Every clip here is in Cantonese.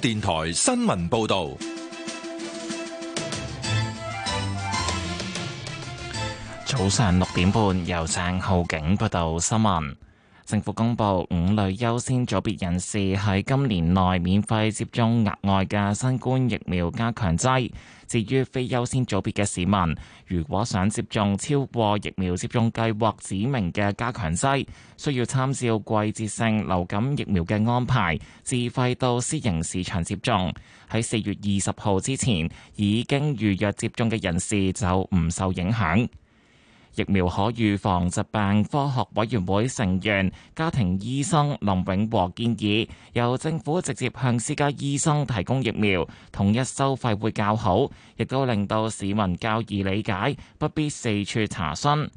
電台新聞報道，早上六點半由鄭浩景報道新聞。政府公布五類優先組別人士喺今年內免費接種額外嘅新冠疫苗加強劑。至於非優先組別嘅市民，如果想接種超過疫苗接種計劃指明嘅加強劑，需要參照季節性流感疫苗嘅安排，自費到私營市場接種。喺四月二十號之前已經預約接種嘅人士就唔受影響。疫苗可預防疾病科學委員會成員、家庭醫生林永和建議，由政府直接向私家醫生提供疫苗，統一收費會較好，亦都令到市民較易理解，不必四處查詢。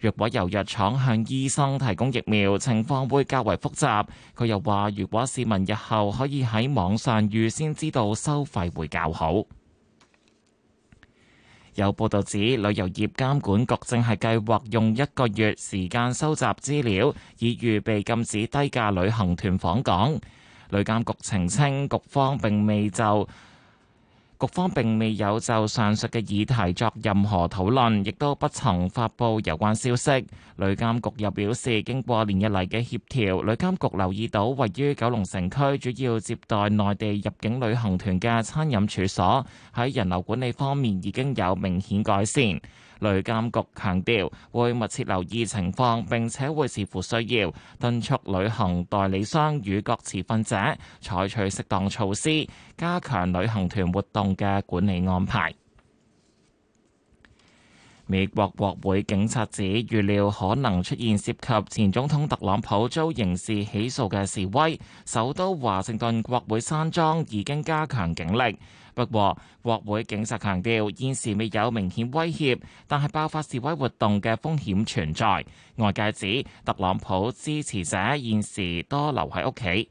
若果由藥廠向醫生提供疫苗，情況會較為複雜。佢又話，如果市民日後可以喺網上預先知道收費，會較好。有報道指旅遊業監管局正係計劃用一個月時間收集資料，以預備禁止低價旅行團訪港。旅監局澄清，局方並未就。局方並未有就上述嘅議題作任何討論，亦都不曾發布有關消息。旅監局又表示，經過連日嚟嘅協調，旅監局留意到位於九龍城區主要接待內地入境旅行團嘅餐飲處所，喺人流管理方面已經有明顯改善。旅監局強調會密切留意情況，並且會視乎需要敦促旅行代理商與各持份者採取適當措施，加強旅行團活動嘅管理安排。美國國會警察指預料可能出現涉及前總統特朗普遭刑事起訴嘅示威，首都華盛頓國會山莊已經加強警力。不過，國會警察強調現時未有明顯威脅，但係爆發示威活動嘅風險存在。外界指特朗普支持者現時多留喺屋企。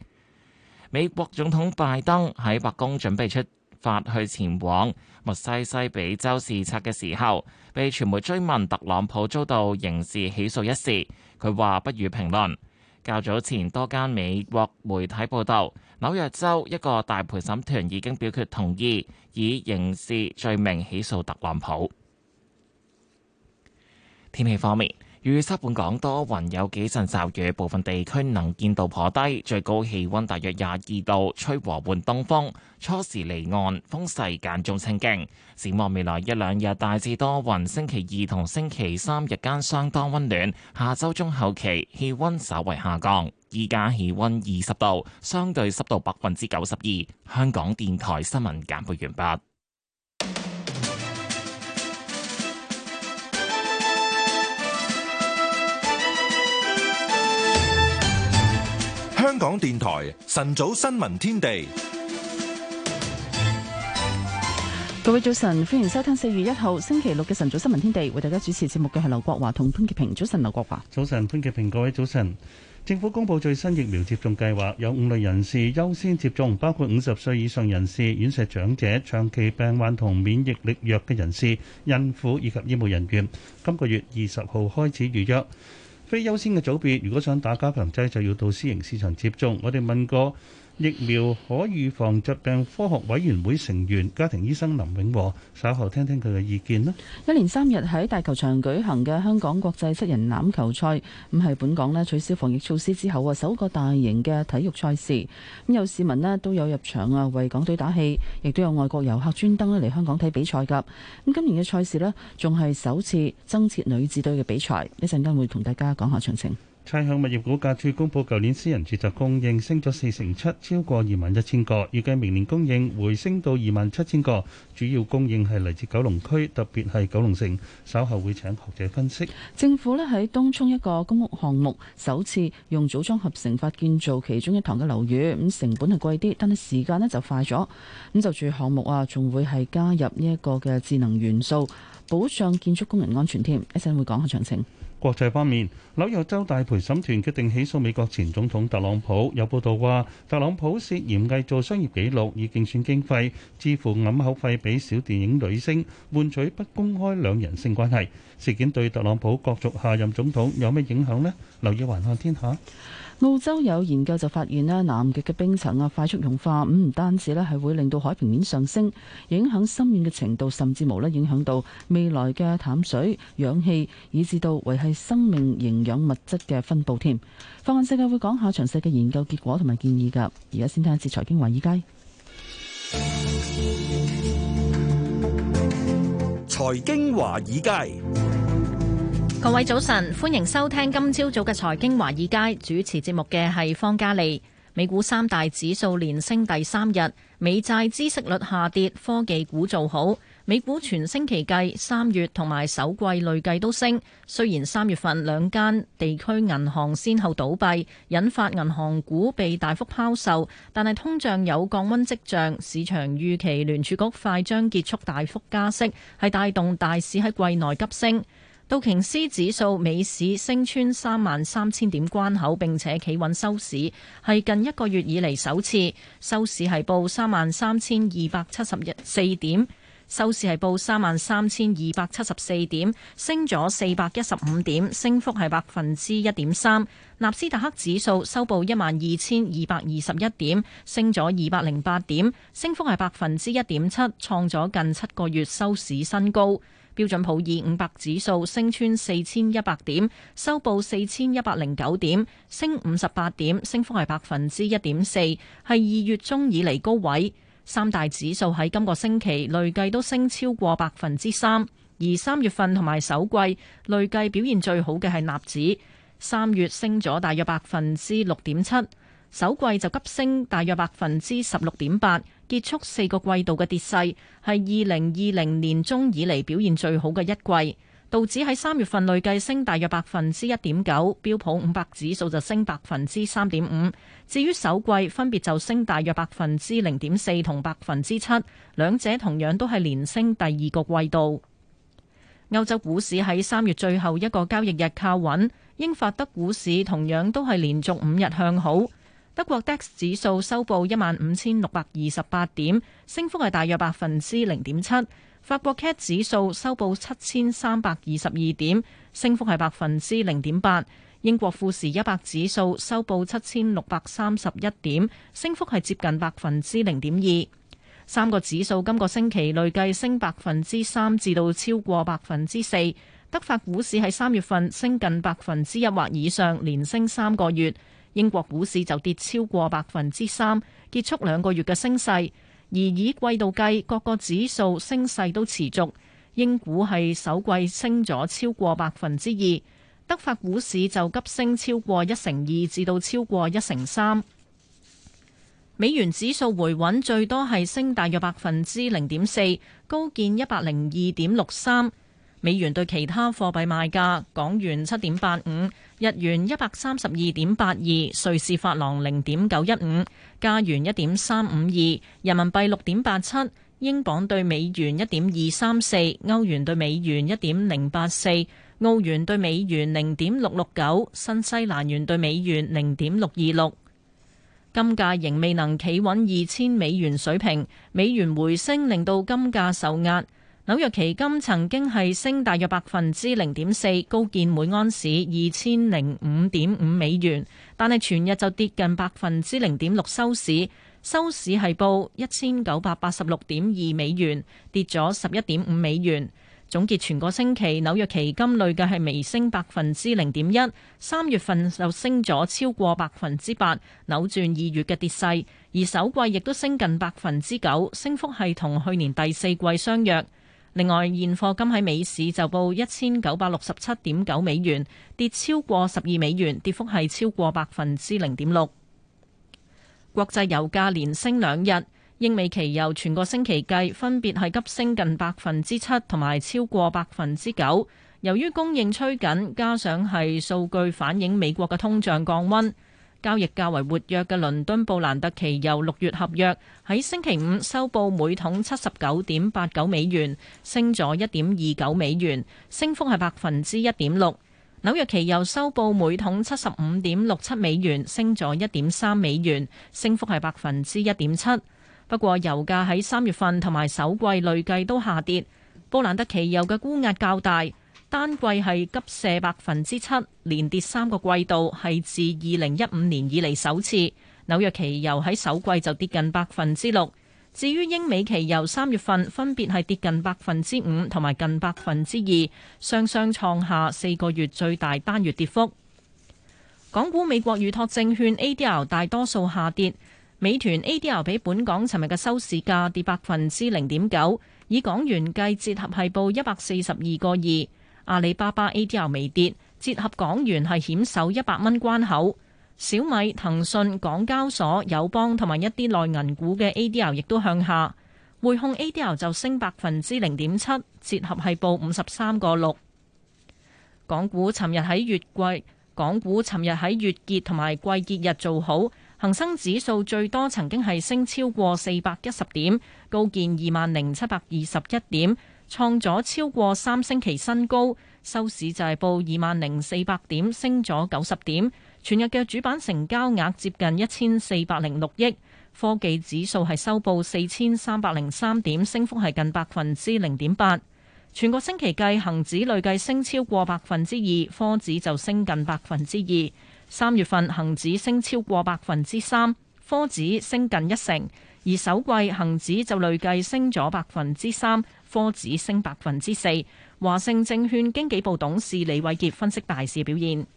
美國總統拜登喺白宮準備出發去前往墨西西比州視察嘅時候，被傳媒追問特朗普遭到刑事起訴一事，佢話不予評論。較早前多間美國媒體報道。紐約州一個大陪審團已經表決同意，以刑事罪名起訴特朗普。天氣方面。預測本港多雲，有幾陣驟雨，部分地區能見度頗低，最高氣溫大約廿二度，吹和緩東風，初時離岸，風勢間中清勁。展望未來一兩日大致多雲，星期二同星期三日，日間相當溫暖，下周中後期氣溫稍為下降。依家氣溫二十度，相對濕度百分之九十二。香港電台新聞簡報完畢。港電台晨早新聞天地，各位早晨，歡迎收聽四月一號星期六嘅晨早新聞天地，為大家主持節目嘅係劉國華同潘潔平。早晨，劉國華。早晨，潘潔平。各位早晨。政府公布最新疫苗接種計劃，有五類人士優先接種，包括五十歲以上人士、院舍長者、長期病患同免疫力弱嘅人士、孕婦以及醫務人員。今個月二十號開始預約。非優先嘅組別，如果想打加強劑，劑，就要到私營市場接種。我哋問過。疫苗可預防疾病，科學委員會成員、家庭醫生林永和稍後聽聽佢嘅意見啦。一連三日喺大球場舉行嘅香港國際七人欖球賽，咁係本港呢取消防疫措施之後啊，首個大型嘅體育賽事。咁有市民呢都有入場啊，為港隊打氣，亦都有外國遊客專登呢嚟香港睇比賽㗎。咁今年嘅賽事呢，仲係首次增設女子隊嘅比賽。一陣間會同大家講下詳情。差餉物業估價署公佈，舊年私人住宅供應升咗四成七，超過二萬一千個。預計明年供應回升到二萬七千個，主要供應係嚟自九龍區，特別係九龍城。稍後會請學者分析。政府咧喺東涌一個公屋項目，首次用組裝合成法建造其中一幢嘅樓宇，咁成本係貴啲，但係時間咧就快咗。咁就住項目啊，仲會係加入呢一個嘅智能元素，保障建築工人安全添。一陣會講下詳情。國際方面，紐約州大陪審團決定起訴美國前總統特朗普。有報道話，特朗普涉嫌偽造商業記錄以競選經費，支付掩口費俾小電影女星，換取不公開兩人性關係。事件對特朗普角逐下任總統有咩影響呢？留意環看天下。澳洲有研究就發現咧，南極嘅冰層啊快速融化，唔單止咧係會令到海平面上升，影響深遠嘅程度，甚至無咧影響到未來嘅淡水、氧氣，以至到維繫生命營養物質嘅分佈。添，放眼世界會講下詳細嘅研究結果同埋建議噶。而家先聽一次財經華爾街。財經華爾街。各位早晨，歡迎收聽今朝早嘅財經華爾街，主持節目嘅係方嘉利。美股三大指數連升第三日，美債孳息率下跌，科技股做好，美股全星期計三月同埋首季累計都升。雖然三月份兩間地區銀行先後倒閉，引發銀行股被大幅拋售，但係通脹有降溫跡象，市場預期聯儲局快將結束大幅加息，係帶動大市喺季內急升。道瓊斯指數美市升穿三萬三千點關口，並且企穩收市，係近一個月以嚟首次收市，係報三萬三千二百七十四點，收市係報三萬三千二百七十四點，升咗四百一十五點，升幅係百分之一點三。納斯達克指數收報一萬二千二百二十一點，升咗二百零八點，升幅係百分之一點七，創咗近七個月收市新高。標準普爾五百指數升穿四千一百點，收報四千一百零九點，升五十八點，升幅係百分之一點四，係二月中以嚟高位。三大指數喺今個星期累計都升超過百分之三，而三月份同埋首季累計表現最好嘅係納指，三月升咗大約百分之六點七，首季就急升大約百分之十六點八。結束四個季度嘅跌勢，係二零二零年中以嚟表現最好嘅一季。道指喺三月份累計升大約百分之一點九，標普五百指數就升百分之三點五。至於首季，分別就升大約百分之零點四同百分之七，兩者同樣都係連升第二個季度。歐洲股市喺三月最後一個交易日靠穩，英法德股市同樣都係連續五日向好。德國 DAX 指數收報一萬五千六百二十八點，升幅係大約百分之零點七。法國 CAC 指數收報七千三百二十二點，升幅係百分之零點八。英國富時一百指數收報七千六百三十一點，升幅係接近百分之零點二。三個指數今個星期累計升百分之三至到超過百分之四。德法股市喺三月份升近百分之一或以上，連升三個月。英國股市就跌超過百分之三，結束兩個月嘅升勢。而以季度計，各個指數升勢都持續。英股係首季升咗超過百分之二，德法股市就急升超過一成二，至到超過一成三。美元指數回穩，最多係升大約百分之零點四，高見一百零二點六三。美元對其他貨幣賣價：港元七點八五，日元一百三十二點八二，瑞士法郎零點九一五，加元一點三五二，人民幣六點八七，英鎊對美元一點二三四，歐元對美元一點零八四，澳元對美元零點六六九，新西蘭元對美元零點六二六。金價仍未能企穩二千美元水平，美元回升令到金價受壓。紐約期金曾經係升大約百分之零點四，高見每安士二千零五點五美元，但係全日就跌近百分之零點六收市，收市係報一千九百八十六點二美元，跌咗十一點五美元。總結全個星期，紐約期金累計係微升百分之零點一，三月份就升咗超過百分之八，扭轉二月嘅跌勢，而首季亦都升近百分之九，升幅係同去年第四季相若。另外，現貨金喺美市就報一千九百六十七點九美元，跌超過十二美元，跌幅係超過百分之零點六。國際油價連升兩日，英美期油全個星期計分別係急升近百分之七同埋超過百分之九。由於供應趨緊，加上係數據反映美國嘅通脹降溫。交易較為活躍嘅倫敦布蘭特期油六月合約喺星期五收報每桶七十九點八九美元，升咗一點二九美元，升幅係百分之一點六。紐約期油收報每桶七十五點六七美元，升咗一點三美元，升幅係百分之一點七。不過油價喺三月份同埋首季累計都下跌，布蘭特期油嘅沽壓較大。單季係急瀉百分之七，連跌三個季度係自二零一五年以嚟首次。紐約期油喺首季就跌近百分之六。至於英美期油三月份分別係跌近百分之五同埋近百分之二，雙雙創下四個月最大單月跌幅。港股美國預託證券 ADR 大多數下跌，美團 ADR 比本港尋日嘅收市價跌百分之零點九，以港元計折合係報一百四十二個二。阿里巴巴 ADR 未跌，折合港元係險守一百蚊關口。小米、騰訊、港交所、友邦同埋一啲內銀股嘅 ADR 亦都向下。匯控 ADR 就升百分之零點七，折合係報五十三個六。港股尋日喺月季，港股尋日喺月結同埋季結日做好，恒生指數最多曾經係升超過四百一十點，高見二萬零七百二十一點。創咗超過三星期新高，收市就係報二萬零四百點，升咗九十點。全日嘅主板成交額接近一千四百零六億。科技指數係收報四千三百零三點，升幅係近百分之零點八。全個星期計，恒指累計升超過百分之二，科指就升近百分之二。三月份，恒指升超過百分之三，科指升近一成。而首季恒指就累計升咗百分之三，科指升百分之四。華盛證券經紀部董事李偉杰分析大市表現。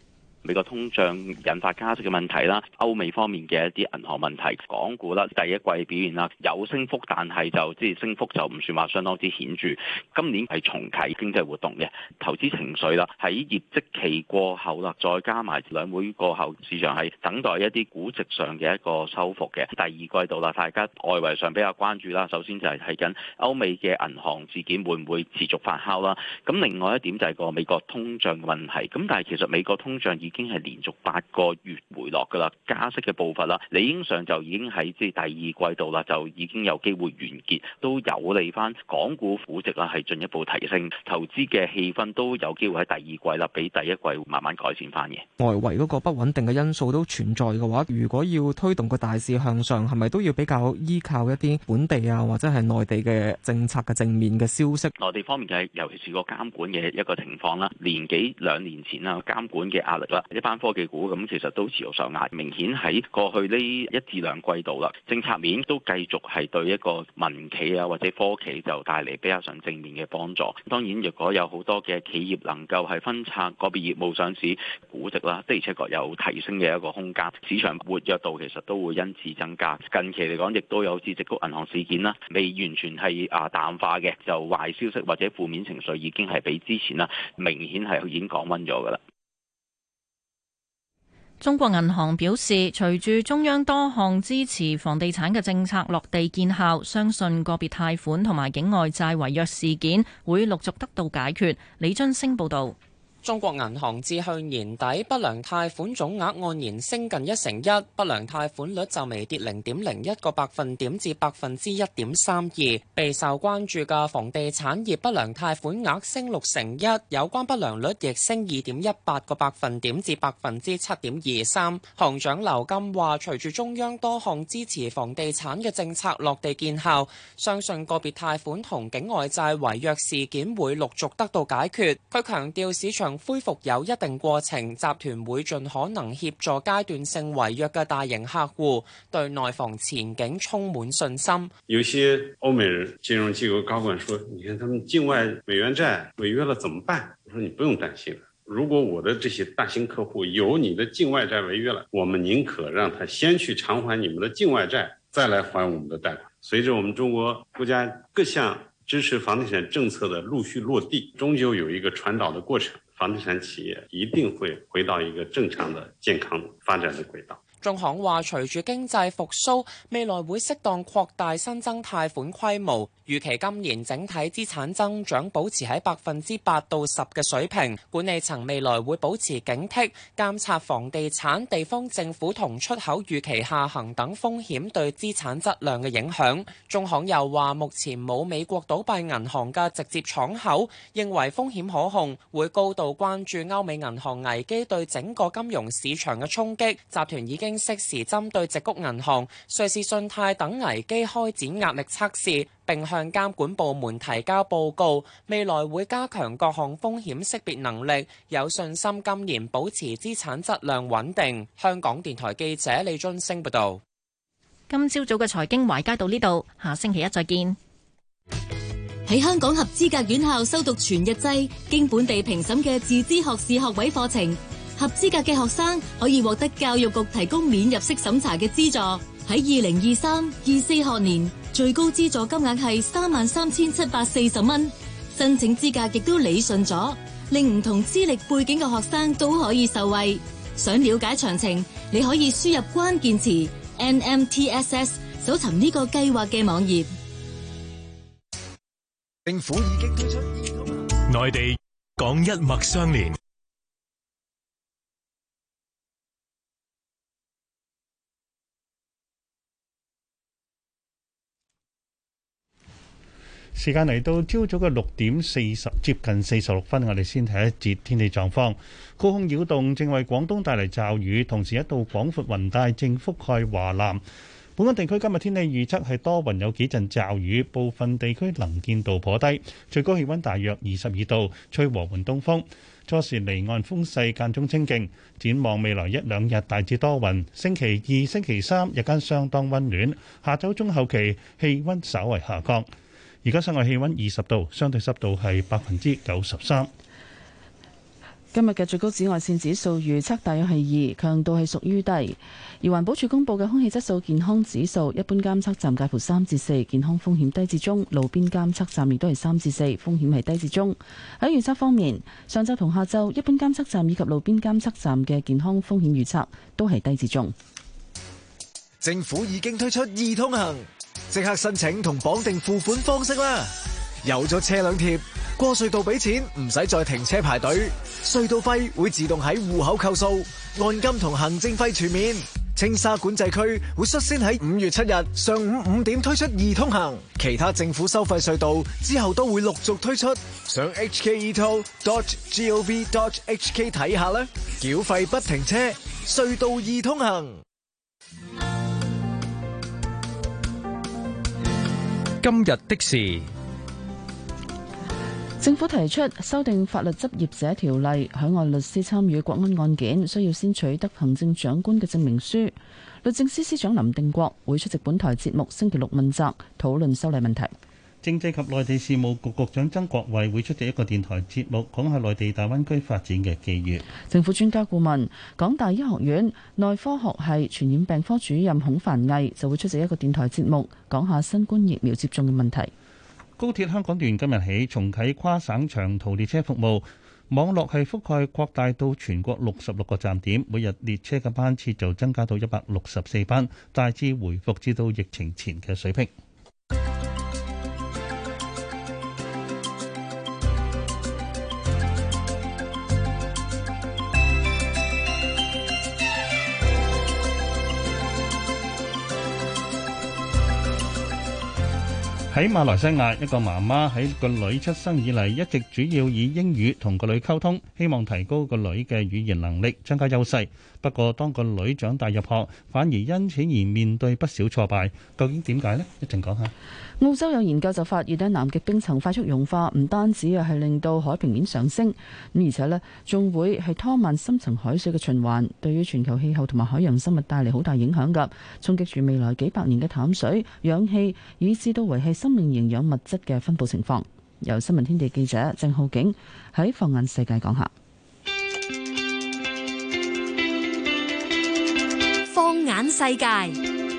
美國通脹引發加息嘅問題啦，歐美方面嘅一啲銀行問題，港股啦第一季表現啦有升幅，但係就即係升幅就唔算話相當之顯著。今年係重啟經濟活動嘅投資情緒啦，喺業績期過後啦，再加埋兩會過後，市場係等待一啲估值上嘅一個收復嘅第二季度啦。大家外圍上比較關注啦，首先就係睇緊歐美嘅銀行事件會唔會持續發酵啦。咁另外一點就係個美國通脹嘅問題。咁但係其實美國通脹已經係連續八個月回落㗎啦，加息嘅步伐啦，理應上就已經喺即係第二季度啦，就已經有機會完結，都有利翻港股估值啦，係進一步提升，投資嘅氣氛都有機會喺第二季啦，比第一季慢慢改善翻嘅。外圍嗰個不穩定嘅因素都存在嘅話，如果要推動個大市向上，係咪都要比較依靠一啲本地啊，或者係內地嘅政策嘅正面嘅消息？內地方面嘅，尤其是個監管嘅一個情況啦，年幾兩年前啦，監管嘅壓力啦。一班科技股咁，其實都持續上壓，明顯喺過去呢一至兩季度啦，政策面都繼續係對一個民企啊或者科企就帶嚟比較上正面嘅幫助。當然，若果有好多嘅企業能夠係分拆個別業務上市，估值啦的而且確有提升嘅一個空間。市場活躍度其實都會因此增加。近期嚟講，亦都有矽谷銀行事件啦，未完全係啊淡化嘅，就壞消息或者負面情緒已經係比之前啦，明顯係已經降溫咗噶啦。中國銀行表示，隨住中央多項支持房地產嘅政策落地見效，相信個別貸款同埋境外債違約事件會陸續得到解決。李津升報道。中國銀行至去年底不良貸款總額按年升近一成一，不良貸款率就微跌零點零一個百分點至百分之一點三二。備受關注嘅房地產業不良貸款額升六成一，有關不良率亦升二點一八個百分點至百分之七點二三。行長劉金話，隨住中央多項支持房地產嘅政策落地見效，相信個別貸款同境外債違約事件會陸續得到解決。佢強調市場。恢復有一定過程，集團會盡可能協助階段性違約的大型客戶，對內房前景充滿信心。有些歐美金融機構高管說：你看他們境外美元債違約了怎麼辦？我說你不用擔心，如果我的這些大型客戶有你的境外債違約了，我們寧可讓他先去償還你們的境外債，再來還我們的貸款。隨着我們中國國家各項支持房地產政策的陸續落地，終究有一個傳導的過程。房地產企業一定會回到一個正常的健康發展的軌道。中行話隨住經濟復蘇，未來會適當擴大新增貸款規模。預期今年整體資產增長保持喺百分之八到十嘅水平。管理層未來會保持警惕，監察房地產、地方政府同出口預期下行等風險對資產質量嘅影響，中行又話目前冇美國倒閉銀行嘅直接敞口，認為風險可控，會高度關注歐美銀行危機對整個金融市場嘅衝擊，集團已經。適時針對矽谷銀行、瑞士信貸等危機開展壓力測試，並向監管部門提交報告。未來會加強各項風險識別能力，有信心今年保持資產質量穩定。香港電台記者李津升報道。今朝早嘅財經懷街到呢度，下星期一再見。喺香港合資格院校修讀全日制、經本地評審嘅自資學士學位課程。合資格嘅學生可以獲得教育局提供免入息審查嘅資助，喺二零二三二四學年最高資助金額係三萬三千七百四十蚊。申請資格亦都理順咗，令唔同資歷背景嘅學生都可以受惠。想了解詳情，你可以輸入關鍵詞 NMTSS，搜尋呢個計劃嘅網頁。政府已經推出內地港一脈相連。時間嚟到朝早嘅六點四十，接近四十六分，我哋先睇一節天氣狀況。高空擾動正為廣東帶嚟驟雨，同時一道廣闊雲帶正覆蓋華南。本港地區今日天氣預測係多雲，有幾陣驟雨，部分地區能見度頗低。最高氣溫大約二十二度，吹和緩東風。初時離岸風勢間中清勁。展望未來一兩日大致多雲，星期二、星期三日間相當溫暖，下晝中後期氣溫稍為下降。而家室外氣溫二十度，相對濕度係百分之九十三。今日嘅最高紫外線指數預測大約係二，強度係屬於低。而環保署公布嘅空氣質素健康指數，一般監測站介乎三至四，健康風險低至中；路邊監測站亦都係三至四，風險係低至中。喺預測方面，上晝同下晝，一般監測站以及路邊監測站嘅健康風險預測都係低至中。政府已經推出易通行。即刻申請同綁定付款方式啦！有咗車輛貼，過隧道俾錢唔使再停車排隊，隧道費會自動喺戶口扣數，按金同行政費全面。青沙管制區會率先喺五月七日上午五點推出易通行，其他政府收費隧道之後都會陸續推出。上 hketo.gov.hk 睇下啦！繳費不停車，隧道易通行。今日的事，政府提出修訂法律執業者條例，海外律師參與國安案件需要先取得行政長官嘅證明書。律政司司長林定國會出席本台節目星期六問責討論修例問題。政制及內地事務局局長曾國衛會出席一個電台節目，講下內地大灣區發展嘅機遇。政府專家顧問，港大醫學院內科學系傳染病科主任孔繁毅就會出席一個電台節目，講下新冠疫苗接種嘅問題。高鐵香港段今日起重啟跨省長途列車服務，網絡係覆蓋擴大到全國六十六個站點，每日列車嘅班次就增加到一百六十四班，大致回復至到疫情前嘅水平。喺馬來西亞，一個媽媽喺個女出生以嚟，一直主要以英語同個女溝通，希望提高個女嘅語言能力，增加優勢。不過當個女長大入學，反而因此而面對不少挫敗。究竟點解呢？一陣講下。澳洲有研究就發現咧，南極冰層快速融化，唔單止啊係令到海平面上升，咁而且咧仲會係拖慢深層海水嘅循環，對於全球氣候同埋海洋生物帶嚟好大影響噶衝擊住未來幾百年嘅淡水、氧氣以至到維繫生命營養物質嘅分布情況。由新聞天地記者鄭浩景喺放眼世界講下，放眼世界。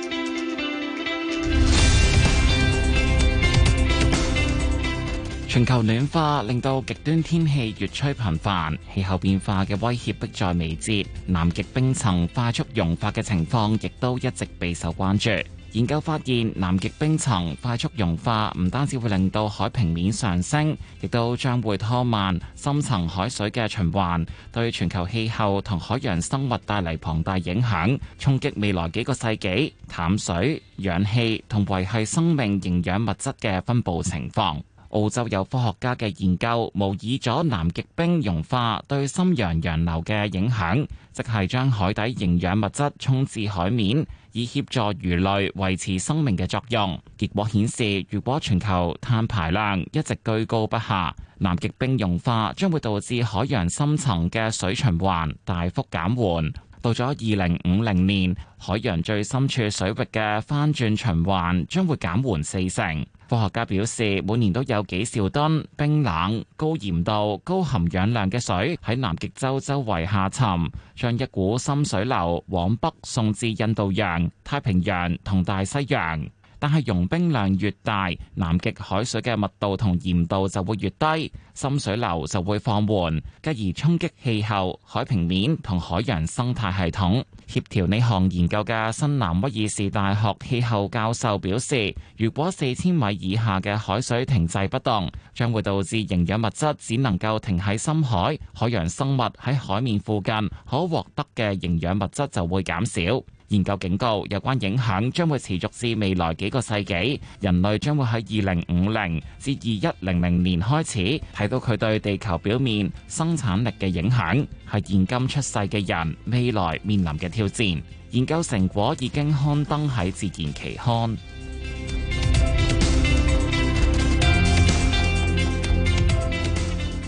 全球暖化令到極端天氣越趨頻繁，氣候變化嘅威脅迫在眉睫，南極冰層快速融化嘅情況亦都一直備受關注。研究發現，南極冰層快速融化唔單止會令到海平面上升，亦都將會拖慢深層海水嘅循環，對全球氣候同海洋生物帶嚟龐大影響，衝擊未來幾個世紀，淡水、氧氣同維繫生命營養物質嘅分布情況。澳洲有科學家嘅研究，模擬咗南極冰融化對深洋洋流嘅影響，即係將海底營養物質沖至海面，以協助魚類維持生命嘅作用。結果顯示，如果全球碳排量一直居高不下，南極冰融化將會導致海洋深層嘅水循環大幅減緩。到咗二零五零年，海洋最深處水域嘅翻轉循環將會減緩四成。科學家表示，每年都有幾兆噸冰冷、高鹽度、高含氧量嘅水喺南極洲周圍下沉，將一股深水流往北送至印度洋、太平洋同大西洋。但係溶冰量越大，南極海水嘅密度同鹽度就會越低，深水流就會放緩，繼而衝擊氣候、海平面同海洋生態系統。協調呢項研究嘅新南威爾士大學氣候教授表示，如果四千米以下嘅海水停滯不動，將會導致營養物質只能夠停喺深海，海洋生物喺海面附近可獲得嘅營養物質就會減少。研究警告，有關影響將會持續至未來幾個世紀，人類將會喺二零五零至二一零零年開始睇到佢對地球表面生產力嘅影響，係現今出世嘅人未來面臨嘅挑戰，研究成果已經刊登喺《自然》期刊。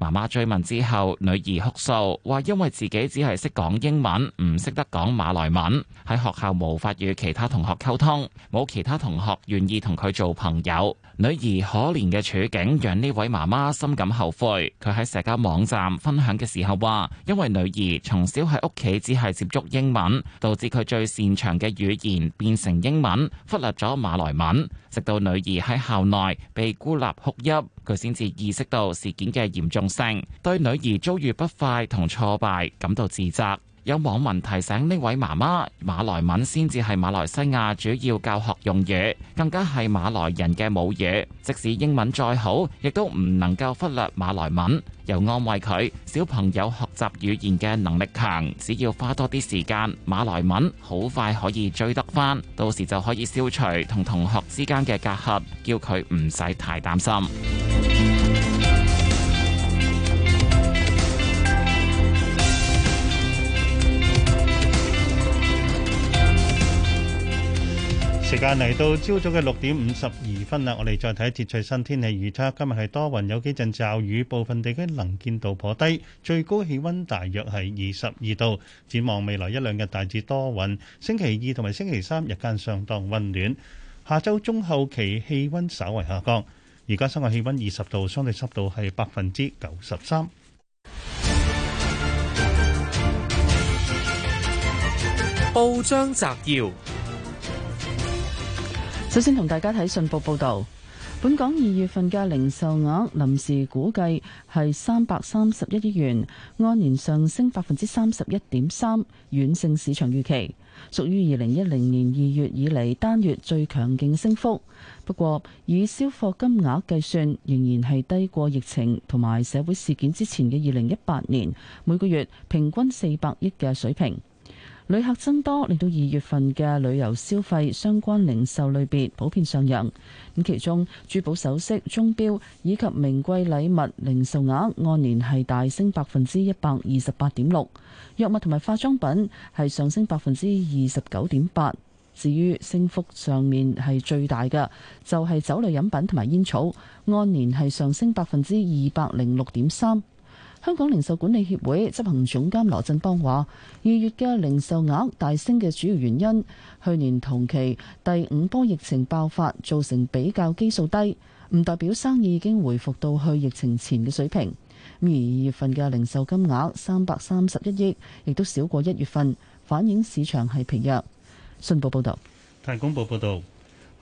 媽媽追問之後，女兒哭訴話：因為自己只係識講英文，唔識得講馬來文，喺學校無法與其他同學溝通，冇其他同學願意同佢做朋友。女兒可憐嘅處境，讓呢位媽媽深感後悔。佢喺社交網站分享嘅時候話：因為女兒從小喺屋企只係接觸英文，導致佢最擅長嘅語言變成英文，忽略咗馬來文，直到女兒喺校內被孤立哭泣。佢先至意識到事件嘅嚴重性，對女兒遭遇不快同挫敗感到自責。有網民提醒呢位媽媽，馬來文先至係馬來西亞主要教學用語，更加係馬來人嘅母語。即使英文再好，亦都唔能夠忽略馬來文。又安慰佢，小朋友學習語言嘅能力強，只要花多啲時間，馬來文好快可以追得翻，到時就可以消除同同學之間嘅隔閡，叫佢唔使太擔心。時間嚟到朝早嘅六點五十二分啦，我哋再睇一次最新天氣預測。今日係多雲，有幾陣驟雨，部分地區能見度頗低，最高氣溫大約係二十二度。展望未來一兩日大致多雲，星期二同埋星期三日間相當溫暖，下周中後期氣溫稍為下降。而家室外氣溫二十度，相對濕度係百分之九十三。報章摘要。首先同大家睇信報報道，本港二月份嘅零售額臨時估計係三百三十一億元，按年上升百分之三十一點三，遠勝市場預期，屬於二零一零年二月以嚟單月最強勁升幅。不過以銷貨金額計算，仍然係低過疫情同埋社會事件之前嘅二零一八年每個月平均四百億嘅水平。旅客增多，令到二月份嘅旅遊消費相關零售類別普遍上揚，咁其中，珠寶首飾、鐘表以及名貴禮物零售額按年係大升百分之一百二十八點六；藥物同埋化妝品係上升百分之二十九點八。至於升幅上面係最大嘅，就係酒類飲品同埋煙草，按年係上升百分之二百零六點三。香港零售管理協會執行總監羅振邦話：二月嘅零售額大升嘅主要原因，去年同期第五波疫情爆發造成比較基數低，唔代表生意已經回復到去疫情前嘅水平。咁而二月份嘅零售金額三百三十一億，亦都少過一月份，反映市場係疲弱。信報報道，大公報報道。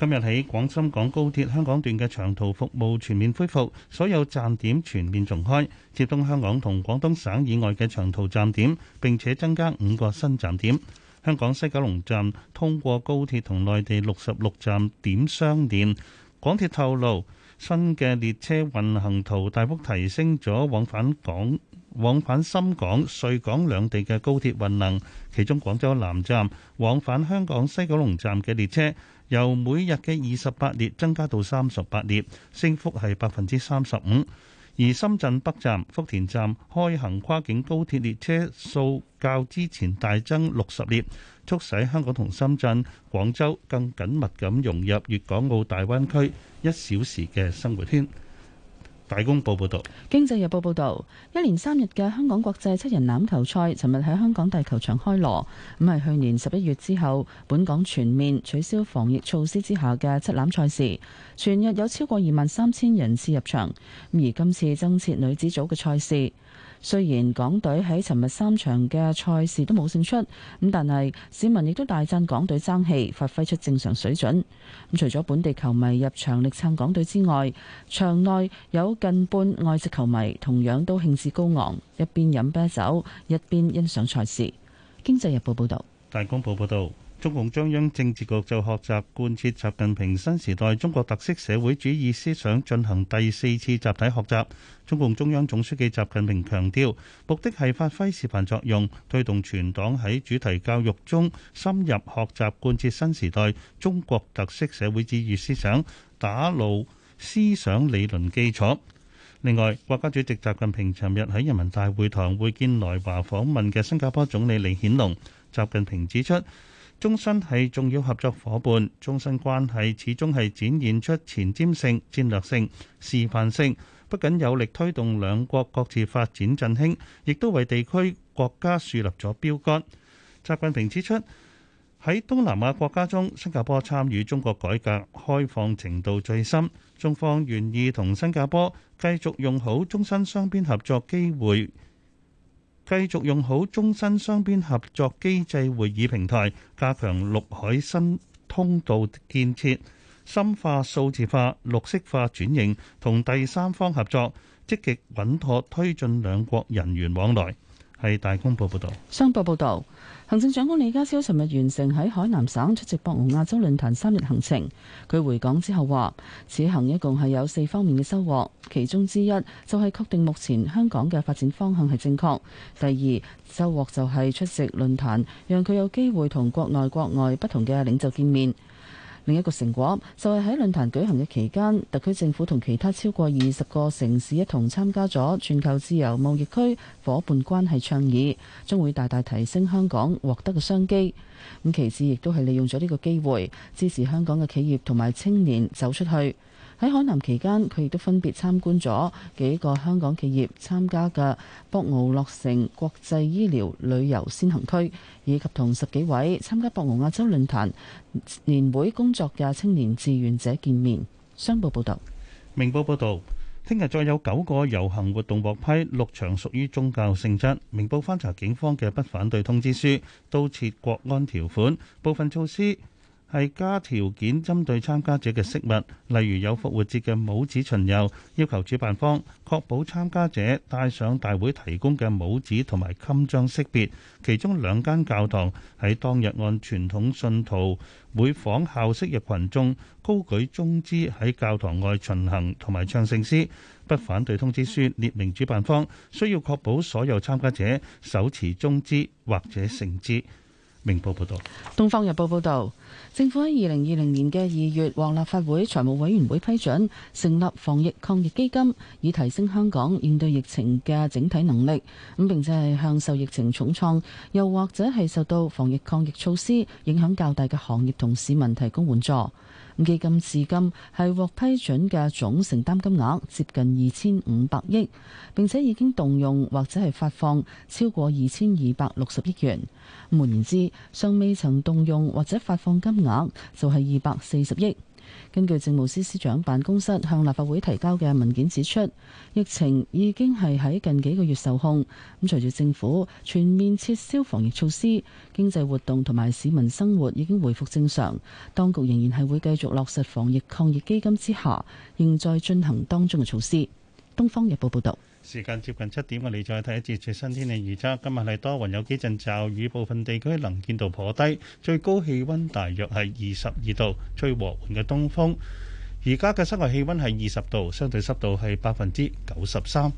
今日起廣深港高鐵香港段嘅長途服務全面恢復，所有站點全面重開，接通香港同廣東省以外嘅長途站點，並且增加五個新站點。香港西九龍站通過高鐵同內地六十六站點相連。港鐵透露新嘅列車運行圖大幅提升咗往返港往返深港穗港兩地嘅高鐵運能，其中廣州南站往返香港西九龍站嘅列車，由每日嘅二十八列增加到三十八列，升幅係百分之三十五。而深圳北站、福田站開行跨境高鐵列車數較之前大增六十列，促使香港同深圳、廣州更緊密咁融入粵港澳大灣區一小時嘅生活圈。大公報報道，經濟日報報道，一連三日嘅香港國際七人欖球賽，尋日喺香港大球場開鑼，咁係去年十一月之後，本港全面取消防疫措施之下嘅七欖賽事，全日有超過二萬三千人次入場，而今次增設女子組嘅賽事。雖然港隊喺尋日三場嘅賽事都冇勝出，咁但係市民亦都大讚港隊爭氣，發揮出正常水準。咁除咗本地球迷入場力撐港隊之外，場內有近半外籍球迷同樣都興致高昂，一邊飲啤酒一邊欣賞賽事。《經濟日報》報道，《大公報》報道。中共中央政治局就學習貫徹習近平新時代中國特色社會主義思想進行第四次集體學習。中共中央總書記習近平強調，目的係發揮示範作用，推動全黨喺主題教育中深入學習貫徹新時代中國特色社會主義思想，打牢思想理論基礎。另外，國家主席習近平尋日喺人民大會堂會見來華訪問嘅新加坡總理李顯龍，習近平指出，中新係重要合作夥伴，中新關係始終係展現出前瞻性、戰略性、示範性，不僅有力推動兩國各自發展振興，亦都為地區國家樹立咗標杆。習近平指出，喺東南亞國家中，新加坡參與中國改革開放程度最深，中方願意同新加坡繼續用好中新雙邊合作機會繼續用好中新雙邊合作機制會議平台，加強陸海新通道建設，深化數字化、綠色化轉型，同第三方合作，積極穩妥推進兩國人員往來。係大公報報導，商報報導。行政長官李家超尋日完成喺海南省出席博鰲亞洲論壇三日行程。佢回港之後話，此行一共係有四方面嘅收穫，其中之一就係確定目前香港嘅發展方向係正確。第二，收穫就係出席論壇，讓佢有機會同國內國外不同嘅領袖見面。另一個成果就係、是、喺論壇舉行嘅期間，特區政府同其他超過二十個城市一同參加咗全球自由貿易區伙伴關係倡議，將會大大提升香港獲得嘅商機。咁其次亦都係利用咗呢個機會，支持香港嘅企業同埋青年走出去。喺海南期間，佢亦都分別參觀咗幾個香港企業參加嘅博鰲樂城國際醫療旅遊先行區，以及同十幾位參加博鰲亞洲論壇年會工作嘅青年志願者見面。商報報，報報導，明報報道：「聽日再有九個遊行活動獲批，六場屬於宗教性質。」明報翻查警方嘅不反對通知書，都設國安條款，部分措施。係加條件針對參加者嘅飾物，例如有復活節嘅帽子巡遊，要求主辦方確保參加者帶上大會提供嘅帽子同埋襟章識別。其中兩間教堂喺當日按傳統信徒會仿效昔日群眾，高舉中支喺教堂外巡行同埋唱聖詩。不反對通知書列明主辦方需要確保所有參加者手持中支或者聖支。明報報導，《東方日報》報道，政府喺二零二零年嘅二月，獲立法會財務委員會批准成立防疫抗疫基金，以提升香港應對疫情嘅整體能力。咁並且係向受疫情重創，又或者係受到防疫抗疫措施影響較大嘅行業同市民提供援助。基金至今係獲批准嘅總承擔金額接近二千五百億，並且已經動用或者係發放超過二千二百六十億元。換言之，尚未曾動用或者發放金額就係二百四十億。根據政務司司長辦公室向立法會提交嘅文件指出，疫情已經係喺近幾個月受控。咁隨住政府全面撤銷防疫措施，經濟活動同埋市民生活已經回復正常。當局仍然係會繼續落實防疫抗疫基金之下仍在進行當中嘅措施。《東方日報》報道。時間接近七點，我哋再睇一節最新天氣預測。今日係多雲有幾陣驟雨，部分地區能見度頗低，最高氣温大約係二十二度，吹和緩嘅東風。而家嘅室外氣温係二十度，相對濕度係百分之九十三。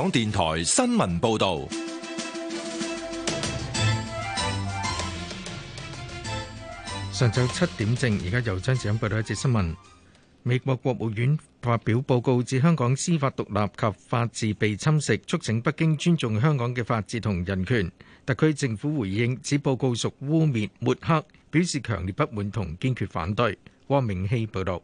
香港電台新聞報道：上晝七點正，而家由張子欣報道一節新聞。美國國務院發表報告，指香港司法獨立及法治被侵蝕，促請北京尊重香港嘅法治同人權。特區政府回應，此報告屬污蔑抹黑，表示強烈不滿同堅決反對。汪明希報道。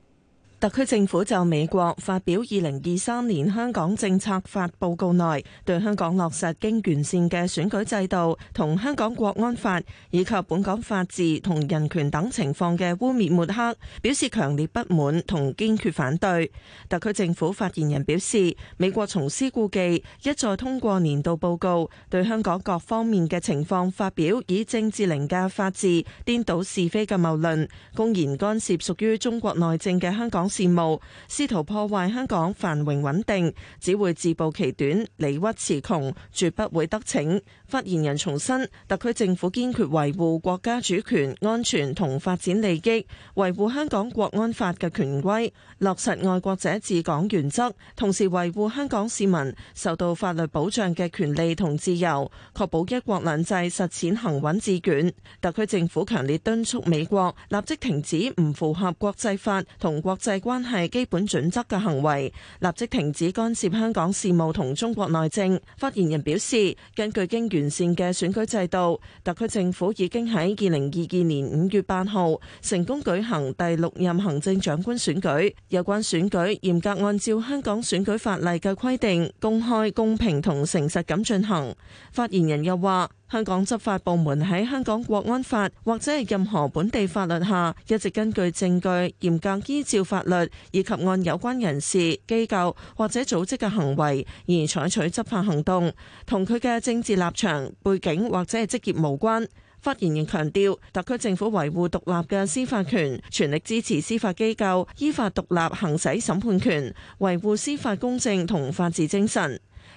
特區政府就美國發表二零二三年香港政策法報告內對香港落實經完善嘅選舉制度同香港國安法以及本港法治同人權等情況嘅污蔑抹黑，表示強烈不滿同堅決反對。特區政府發言人表示，美國重施故技，一再通過年度報告對香港各方面嘅情況發表以政治凌駕法治、顛倒是非嘅謬論，公然干涉屬於中國內政嘅香港事務試圖破壞香港繁榮穩定，只會自暴其短、理屈詞窮，絕不會得逞。發言人重申，特區政府堅決維護國家主權、安全同發展利益，維護香港國安法嘅權威，落實愛國者治港原則，同時維護香港市民受到法律保障嘅權利同自由，確保一國兩制實踐行穩致遠。特區政府強烈敦促美國立即停止唔符合國際法同國際。關係基本準則嘅行為，立即停止干涉香港事務同中國內政。發言人表示，根據經完善嘅選舉制度，特區政府已經喺二零二二年五月八號成功舉行第六任行政長官選舉。有關選舉嚴格按照香港選舉法例嘅規定，公開、公平同誠實咁進行。發言人又話，香港執法部門喺香港國安法或者係任何本地法律下，一直根據證據，嚴格依照法律以及按有關人士、機構或者組織嘅行為而採取執法行動，同佢嘅政治立場背景或者係職業無關。發言人強調，特區政府維護獨立嘅司法權，全力支持司法機構依法獨立行使審判權，維護司法公正同法治精神。。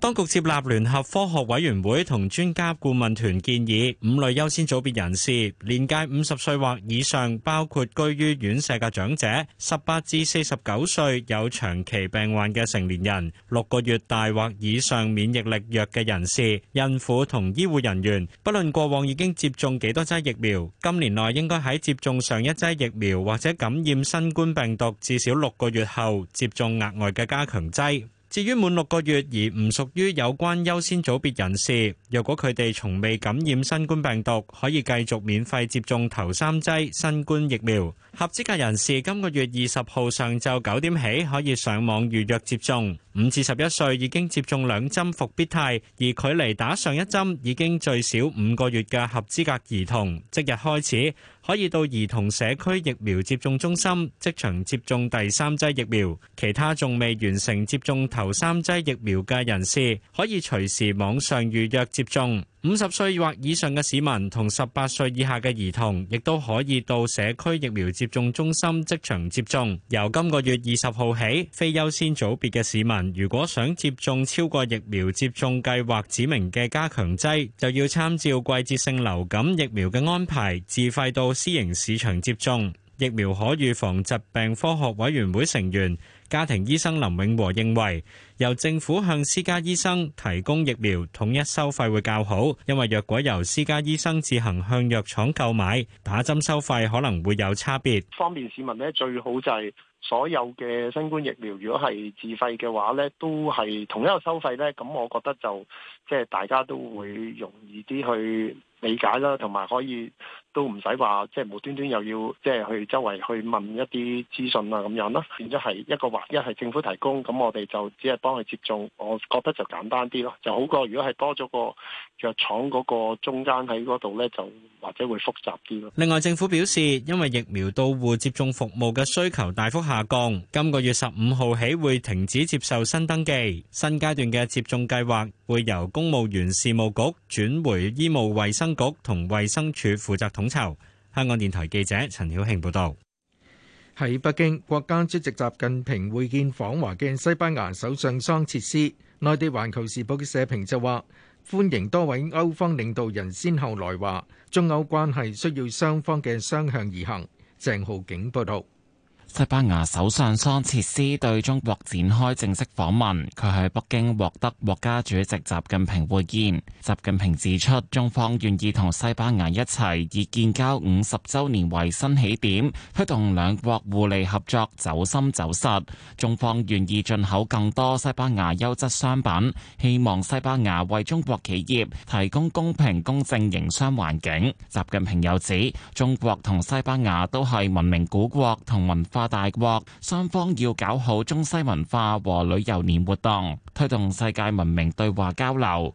當局接納聯合科學委員會同專家顧問團建議，五類優先組別人士，年屆五十歲或以上，包括居於院舍嘅長者，十八至四十九歲有長期病患嘅成年人，六個月大或以上免疫力弱嘅人士，孕婦同醫護人員，不論過往已經接種幾多劑疫苗，今年內應該喺接種上一劑疫苗或者感染新冠病毒，至少六個月後，接種額外嘅加強劑。至於滿六個月而唔屬於有關優先組別人士，若果佢哋從未感染新冠病毒，可以繼續免費接種頭三劑新冠疫苗。合資格人士今個月二十號上晝九點起可以上網預約接種。五至十一歲已經接種兩針復必泰，而距離打上一針已經最少五個月嘅合資格兒童，即日開始可以到兒童社區疫苗接種中心即場接種第三劑疫苗。其他仲未完成接種頭三劑疫苗嘅人士，可以隨時網上預約接種。五十歲或以上嘅市民同十八歲以下嘅兒童，亦都可以到社區疫苗接種中心即場接種。由今個月二十號起，非優先組別嘅市民，如果想接種超過疫苗接種計劃指明嘅加強劑，就要參照季節性流感疫苗嘅安排，自費到私營市場接種。疫苗可預防疾病科學委員會成員、家庭醫生林永和認為，由政府向私家醫生提供疫苗，統一收費會較好，因為若果由私家醫生自行向藥廠購買，打針收費可能會有差別。方便市民咧，最好就係所有嘅新冠疫苗，如果係自費嘅話咧，都係同一個收費呢，咁我覺得就即係大家都會容易啲去理解啦，同埋可以。都唔使話，即係無端端又要即係去周圍去問一啲資訊啊，咁樣啦，然之後係一個或一係政府提供，咁我哋就只係幫佢接種，我覺得就簡單啲咯，就好過如果係多咗個藥廠嗰個中間喺嗰度咧，就或者會複雜啲咯。另外，政府表示，因為疫苗到戶接種服務嘅需求大幅下降，今個月十五號起會停止接受新登記，新階段嘅接種計劃會由公務員事務局轉回醫務衛生局同衛生署負責統統籌。香港電台記者陳曉慶報道。喺北京，國家主席習近平會見訪華嘅西班牙首相桑切斯。內地環球時報嘅社評就話：歡迎多位歐方領導人先後來華，中歐關係需要雙方嘅雙向而行。鄭浩景報道。西班牙首相桑切斯對中國展開正式訪問，佢喺北京獲得國家主席習近平會見。習近平指出，中方願意同西班牙一齊以建交五十周年為新起點，推動兩國互利合作走深走實。中方願意進口更多西班牙優質商品，希望西班牙為中國企業提供公平公正營商環境。習近平又指，中國同西班牙都係文明古國同文化大國，雙方要搞好中西文化和旅遊年活動，推動世界文明對話交流。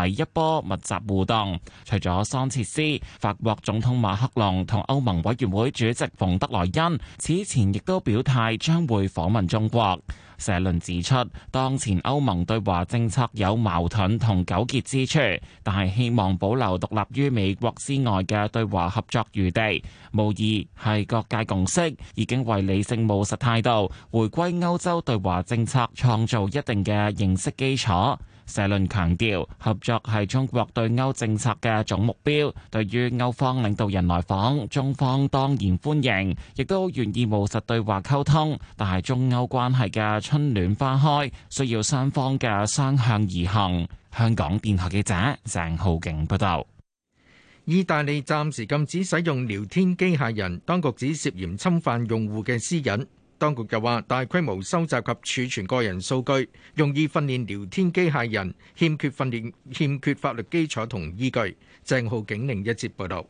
係一波密集互動，除咗桑切斯，法國總統馬克龍同歐盟委員會主席馮德萊恩此前亦都表態將會訪問中國。社論指出，當前歐盟對華政策有矛盾同糾結之處，但係希望保留獨立於美國之外嘅對華合作餘地，無疑係各界共識，已經為理性務實態度回歸歐洲對華政策創造一定嘅認識基礎。社論強調，合作係中國對歐政策嘅總目標。對於歐方領導人來訪，中方當然歡迎，亦都願意務實對話溝通。但係中歐關係嘅春暖花開，需要三方嘅雙向而行。香港電台記者鄭浩景報道。意大利暫時禁止使用聊天機械人，當局指涉嫌侵犯用戶嘅私隱。當局又話：大規模收集及儲存個人數據，容易訓練聊天機械人，欠缺訓練欠缺法律基礎同依據。鄭浩景，另一節報道，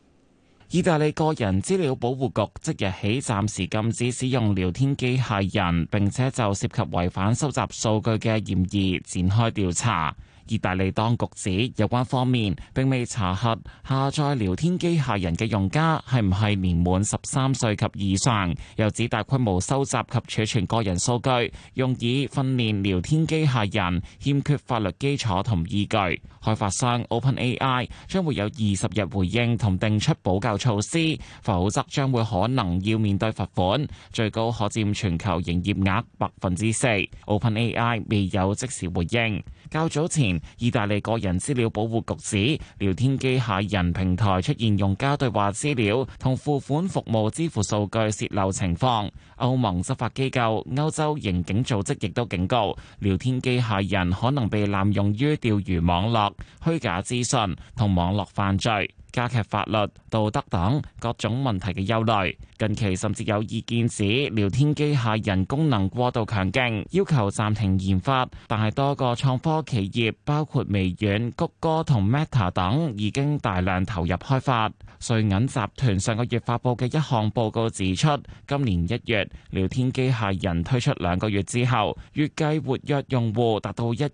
意大利個人資料保護局即日起暫時禁止使用聊天機械人，並且就涉及違反收集數據嘅嫌疑展開調查。意大利當局指有關方面並未查核下載聊天機械人嘅用家係唔係年滿十三歲及以上，又指大規模收集及儲存個人數據，用以訓練聊天機械人，欠缺法律基礎同依據。開發商 OpenAI 將會有二十日回應同定出補救措施，否則將會可能要面對罰款，最高可佔全球營業額百分之四。OpenAI 未有即時回應。較早前，意大利個人資料保護局指聊天機械人平台出現用家對話資料同付款服務支付數據洩漏情況。歐盟執法機構、歐洲刑警組織亦都警告，聊天機械人可能被濫用於釣魚網絡。虛假資訊同網絡犯罪。加劇法律、道德等各種問題嘅憂慮。近期甚至有意見指聊天機械人功能過度強勁，要求暫停研發。但係多個創科企業，包括微軟、谷歌同 Meta 等，已經大量投入開發。瑞銀集團上個月發布嘅一項報告指出，今年一月聊天機械人推出兩個月之後，預計活躍用戶達到一億，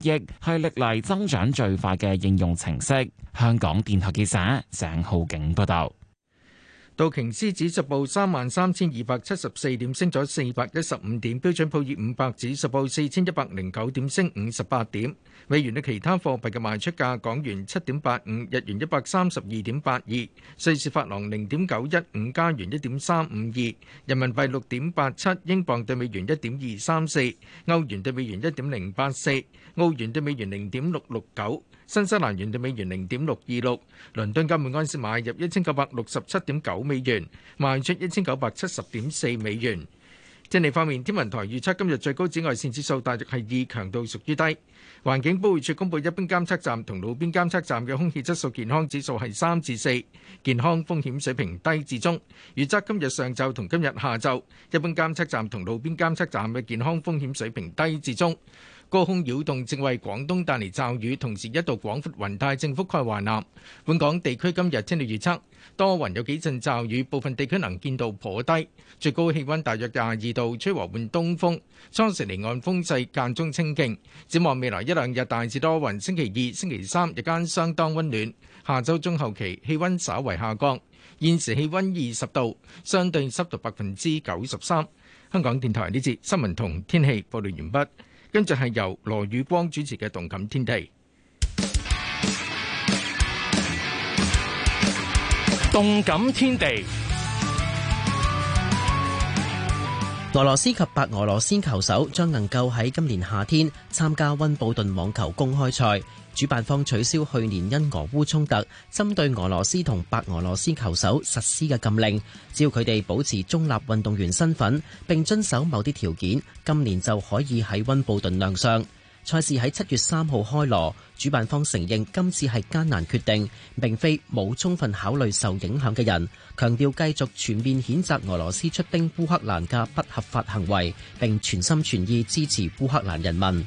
係歷嚟增長最快嘅應用程式。香港電台記者石。彭浩景報道，道瓊斯指數報三萬三千二百七十四點，升咗四百一十五點；標準普爾五百指數報四千一百零九點，升五十八點。美元嘅其他貨幣嘅賣出價：港元七點八五，日元一百三十二點八二，瑞士法郎零點九一五，加元一點三五二，人民幣六點八七，英鎊兌美元一點二三四，歐元兌美元一點零八四，澳元兌美元零點六六九。新西蘭元兌美元零點六二六，倫敦金每盎司買入一千九百六十七點九美元，賣出一千九百七十點四美元。天氣方面，天文台預測今日最高紫外線指數大約係二，強度屬於低。環境保護署公布，一般監測站同路邊監測站嘅空氣質素健康指數係三至四，健康風險水平低至中。預測今日上晝同今日下晝，一般監測站同路邊監測站嘅健康風險水平低至中。高空擾動正為廣東帶嚟驟雨，同時一道廣闊雲帶正覆蓋華南。本港地區今日天氣預測多雲，有幾陣驟雨，部分地區能見度頗低。最高氣温大約廿二度，吹和緩東風，初時離岸風勢間中清勁。展望未來一兩日大致多雲，星期二、星期三日間相當温暖。下周中後期氣温稍為下降。現時氣温二十度，相對濕度百分之九十三。香港電台呢節新聞同天氣報道完畢。跟住係由羅宇光主持嘅《動感天地》，《動感天地》。俄羅斯及白俄羅斯球手將能夠喺今年夏天參加溫布頓網球公開賽。主持人:主辦方取消去年因俄烏衝突針對俄羅斯同白俄羅斯球手實施嘅禁令，只要佢哋保持中立運動員身份，並遵守某啲條件，今年就可以喺溫布頓亮相。賽事喺七月三號開鑼。主辦方承認今次係艱難決定，並非冇充分考慮受影響嘅人，強調繼續全面譴責俄羅斯出兵烏克蘭嘅不合法行為，並全心全意支持烏克蘭人民。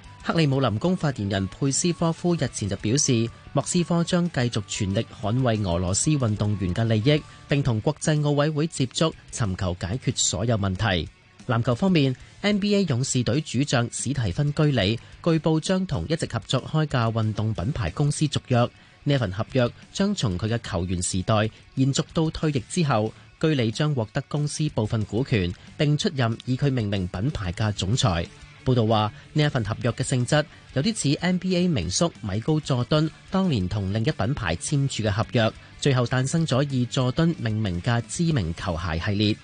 克里姆林宮發言人佩斯科夫日前就表示，莫斯科將繼續全力捍衛俄羅斯運動員嘅利益，並同國際奧委會接觸，尋求解決所有問題。籃球方面，NBA 勇士隊主將史提芬居里據報將同一直合作開價運動品牌公司續約。呢一份合約將從佢嘅球員時代延續到退役之後，居里將獲得公司部分股權，並出任以佢命名品牌嘅總裁。報道話，呢一份合約嘅性質有啲似 NBA 名宿米高佐敦，當年同另一品牌簽署嘅合約，最後誕生咗以佐敦命名嘅知名球鞋系列。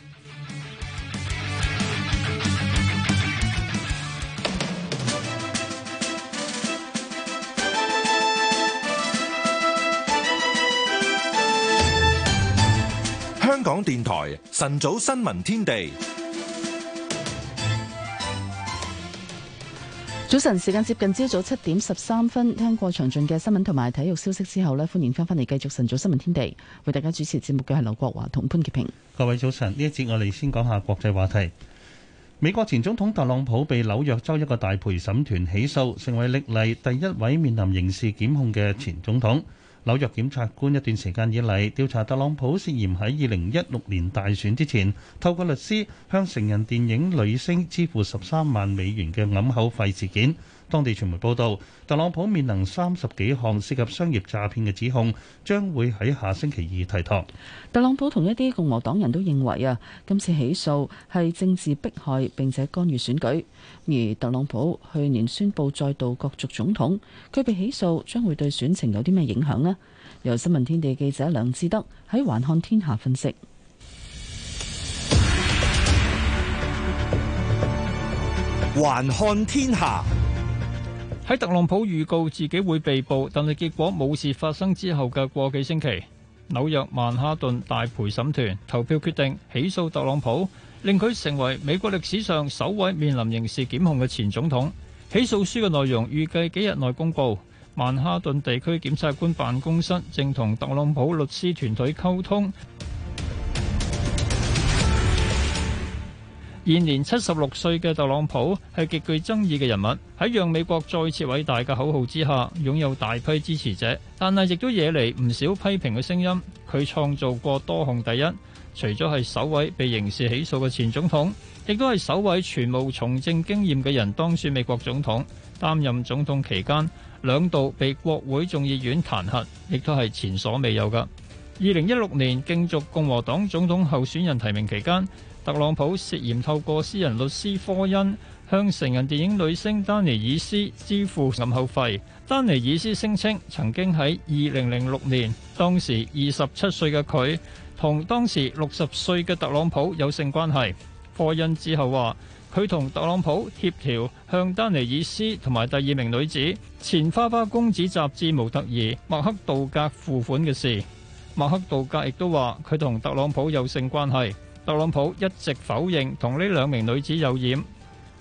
香港電台晨早新聞天地。早晨，時間接近朝早七點十三分，聽過詳盡嘅新聞同埋體育消息之後咧，歡迎翻返嚟繼續晨早新聞天地，為大家主持節目嘅係劉國華同潘潔平。各位早晨，呢一節我哋先講下國際話題。美國前總統特朗普被紐約州一個大陪審團起訴，成為歷嚟第一位面臨刑事檢控嘅前總統。紐約檢察官一段時間以嚟調查特朗普涉嫌喺二零一六年大選之前透過律師向成人電影女星支付十三萬美元嘅掩口費事件。當地傳媒報道，特朗普面臨三十幾項涉及商業詐騙嘅指控，將會喺下星期二提堂。特朗普同一啲共和黨人都認為啊，今次起訴係政治迫害並且干預選舉。而特朗普去年宣布再度角逐總統，佢被起訴將會對選情有啲咩影響呢？由新聞天地記者梁志德喺環看天下分析。環看天下。喺特朗普預告自己會被捕，但係結果冇事發生之後嘅過幾星期，紐約曼哈頓大陪審團投票決定起訴特朗普，令佢成為美國歷史上首位面臨刑事檢控嘅前總統。起訴書嘅內容預計幾日內公佈。曼哈頓地區檢察官辦公室正同特朗普律師團隊溝通。現年七十六歲嘅特朗普係極具爭議嘅人物，喺讓美國再次偉大嘅口號之下，擁有大批支持者，但係亦都惹嚟唔少批評嘅聲音。佢創造過多項第一，除咗係首位被刑事起訴嘅前總統，亦都係首位全無從政經驗嘅人當選美國總統。擔任總統期間，兩度被國會眾議院彈劾，亦都係前所未有㗎。二零一六年，競逐共和黨總統候選人提名期間，特朗普涉嫌透過私人律師科恩向成人電影女星丹尼爾斯支付掩口費。丹尼爾斯聲稱曾經喺二零零六年，當時二十七歲嘅佢同當時六十歲嘅特朗普有性關係。科恩之後話佢同特朗普協調向丹尼爾斯同埋第二名女子前花花公子雜誌模特兒麥克道格付款嘅事。麥克道格亦都話佢同特朗普有性關係。特朗普一直否認同呢兩名女子有染。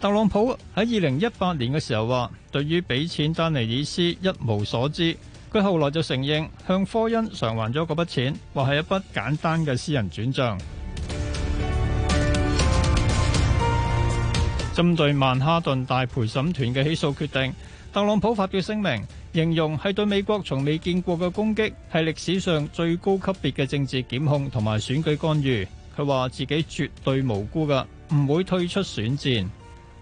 特朗普喺二零一八年嘅時候話，對於俾錢丹尼爾斯一無所知。佢後來就承認向科恩償還咗嗰筆錢，話係一筆簡單嘅私人轉賬。 針對曼哈頓大陪審團嘅起訴決定，特朗普發表聲明，形容係對美國從未見過嘅攻擊，係歷史上最高級別嘅政治檢控同埋選舉干預。佢話自己絕對無辜㗎，唔會退出選戰。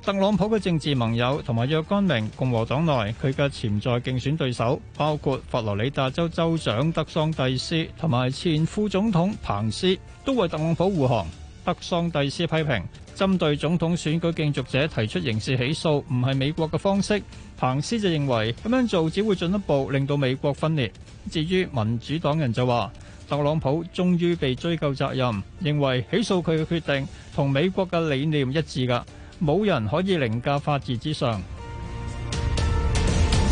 特朗普嘅政治盟友同埋若干名共和黨內佢嘅潛在競選對手，包括佛羅里達州州長德桑蒂斯同埋前副總統彭斯，都為特朗普護航。德桑蒂斯批評針對總統選舉競逐者提出刑事起訴唔係美國嘅方式。彭斯就認為咁樣做只會進一步令到美國分裂。至於民主黨人就話。特朗普終於被追究責任，認為起訴佢嘅決定同美國嘅理念一致㗎，冇人可以凌駕法治之上。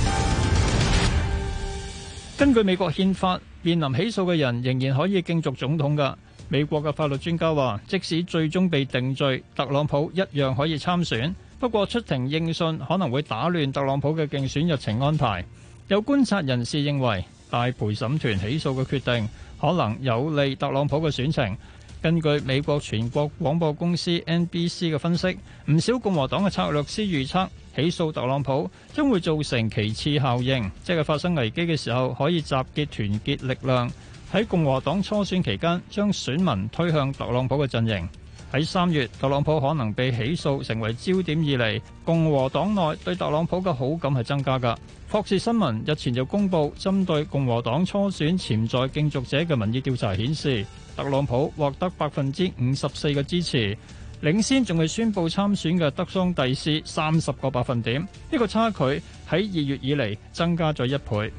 根據美國憲法，面臨起訴嘅人仍然可以競逐總統㗎。美國嘅法律專家話，即使最終被定罪，特朗普一樣可以參選。不過出庭應訊可能會打亂特朗普嘅競選日程安排。有觀察人士認為，大陪審團起訴嘅決定，可能有利特朗普嘅選情。根據美國全國廣播公司 NBC 嘅分析，唔少共和黨嘅策略師預測，起訴特朗普將會造成其次效應，即係發生危機嘅時候可以集結團結力量，喺共和黨初選期間將選民推向特朗普嘅陣營。喺三月，特朗普可能被起訴成為焦點以嚟，共和黨內對特朗普嘅好感係增加噶。霍士新聞日前就公布針對共和黨初選潛在競逐者嘅民意調查顯示，特朗普獲得百分之五十四嘅支持，領先仲係宣佈參選嘅德桑蒂斯三十個百分點，呢、這個差距喺二月以嚟增加咗一倍。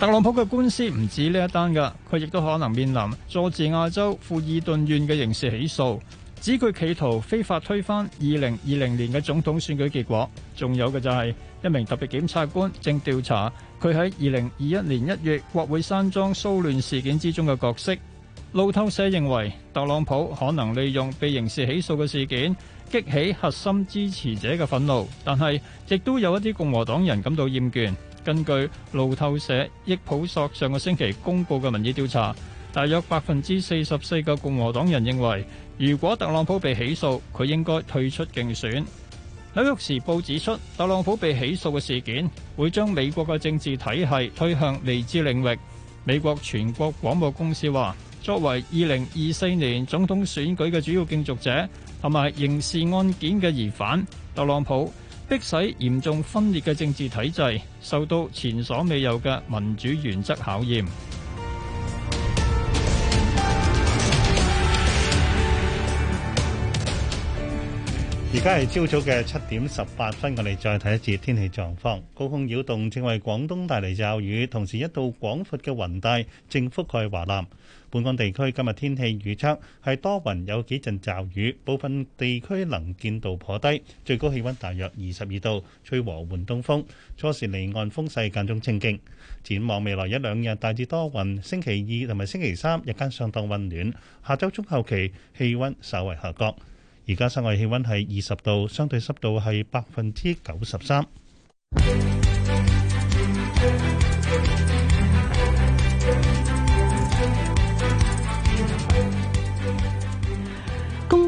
特朗普嘅官司唔止呢一單噶，佢亦都可能面臨佐治亞州富爾頓縣嘅刑事起訴，指佢企圖非法推翻二零二零年嘅總統選舉結果。仲有嘅就係一名特別檢察官正調查佢喺二零二一年一月國會山莊騷亂事件之中嘅角色。路透社認為特朗普可能利用被刑事起訴嘅事件激起核心支持者嘅憤怒，但係亦都有一啲共和黨人感到厭倦。根據路透社、益普索上個星期公佈嘅民意調查，大約百分之四十四嘅共和黨人認為，如果特朗普被起訴，佢應該退出競選。紐約時報指出，特朗普被起訴嘅事件會將美國嘅政治體系推向未知領域。美國全國廣播公司話，作為二零二四年總統選舉嘅主要競逐者，同埋刑事案件嘅疑犯，特朗普，迫使嚴重分裂嘅政治體制受到前所未有嘅民主原則考驗。而家係朝早嘅七點十八分，我哋再睇一次天氣狀況。高空擾動正為廣東帶嚟驟雨，同時一道廣闊嘅雲帶正覆蓋華南。本港地區今日天氣預測係多雲有幾陣驟雨，部分地區能見度頗低，最高氣溫大約二十二度，吹和緩東風，初時離岸風勢間中清勁。展望未來一兩日大致多雲，星期二同埋星期三日間相當溫暖，下週中後期氣溫稍為下降。而家室外氣溫係二十度，相對濕度係百分之九十三。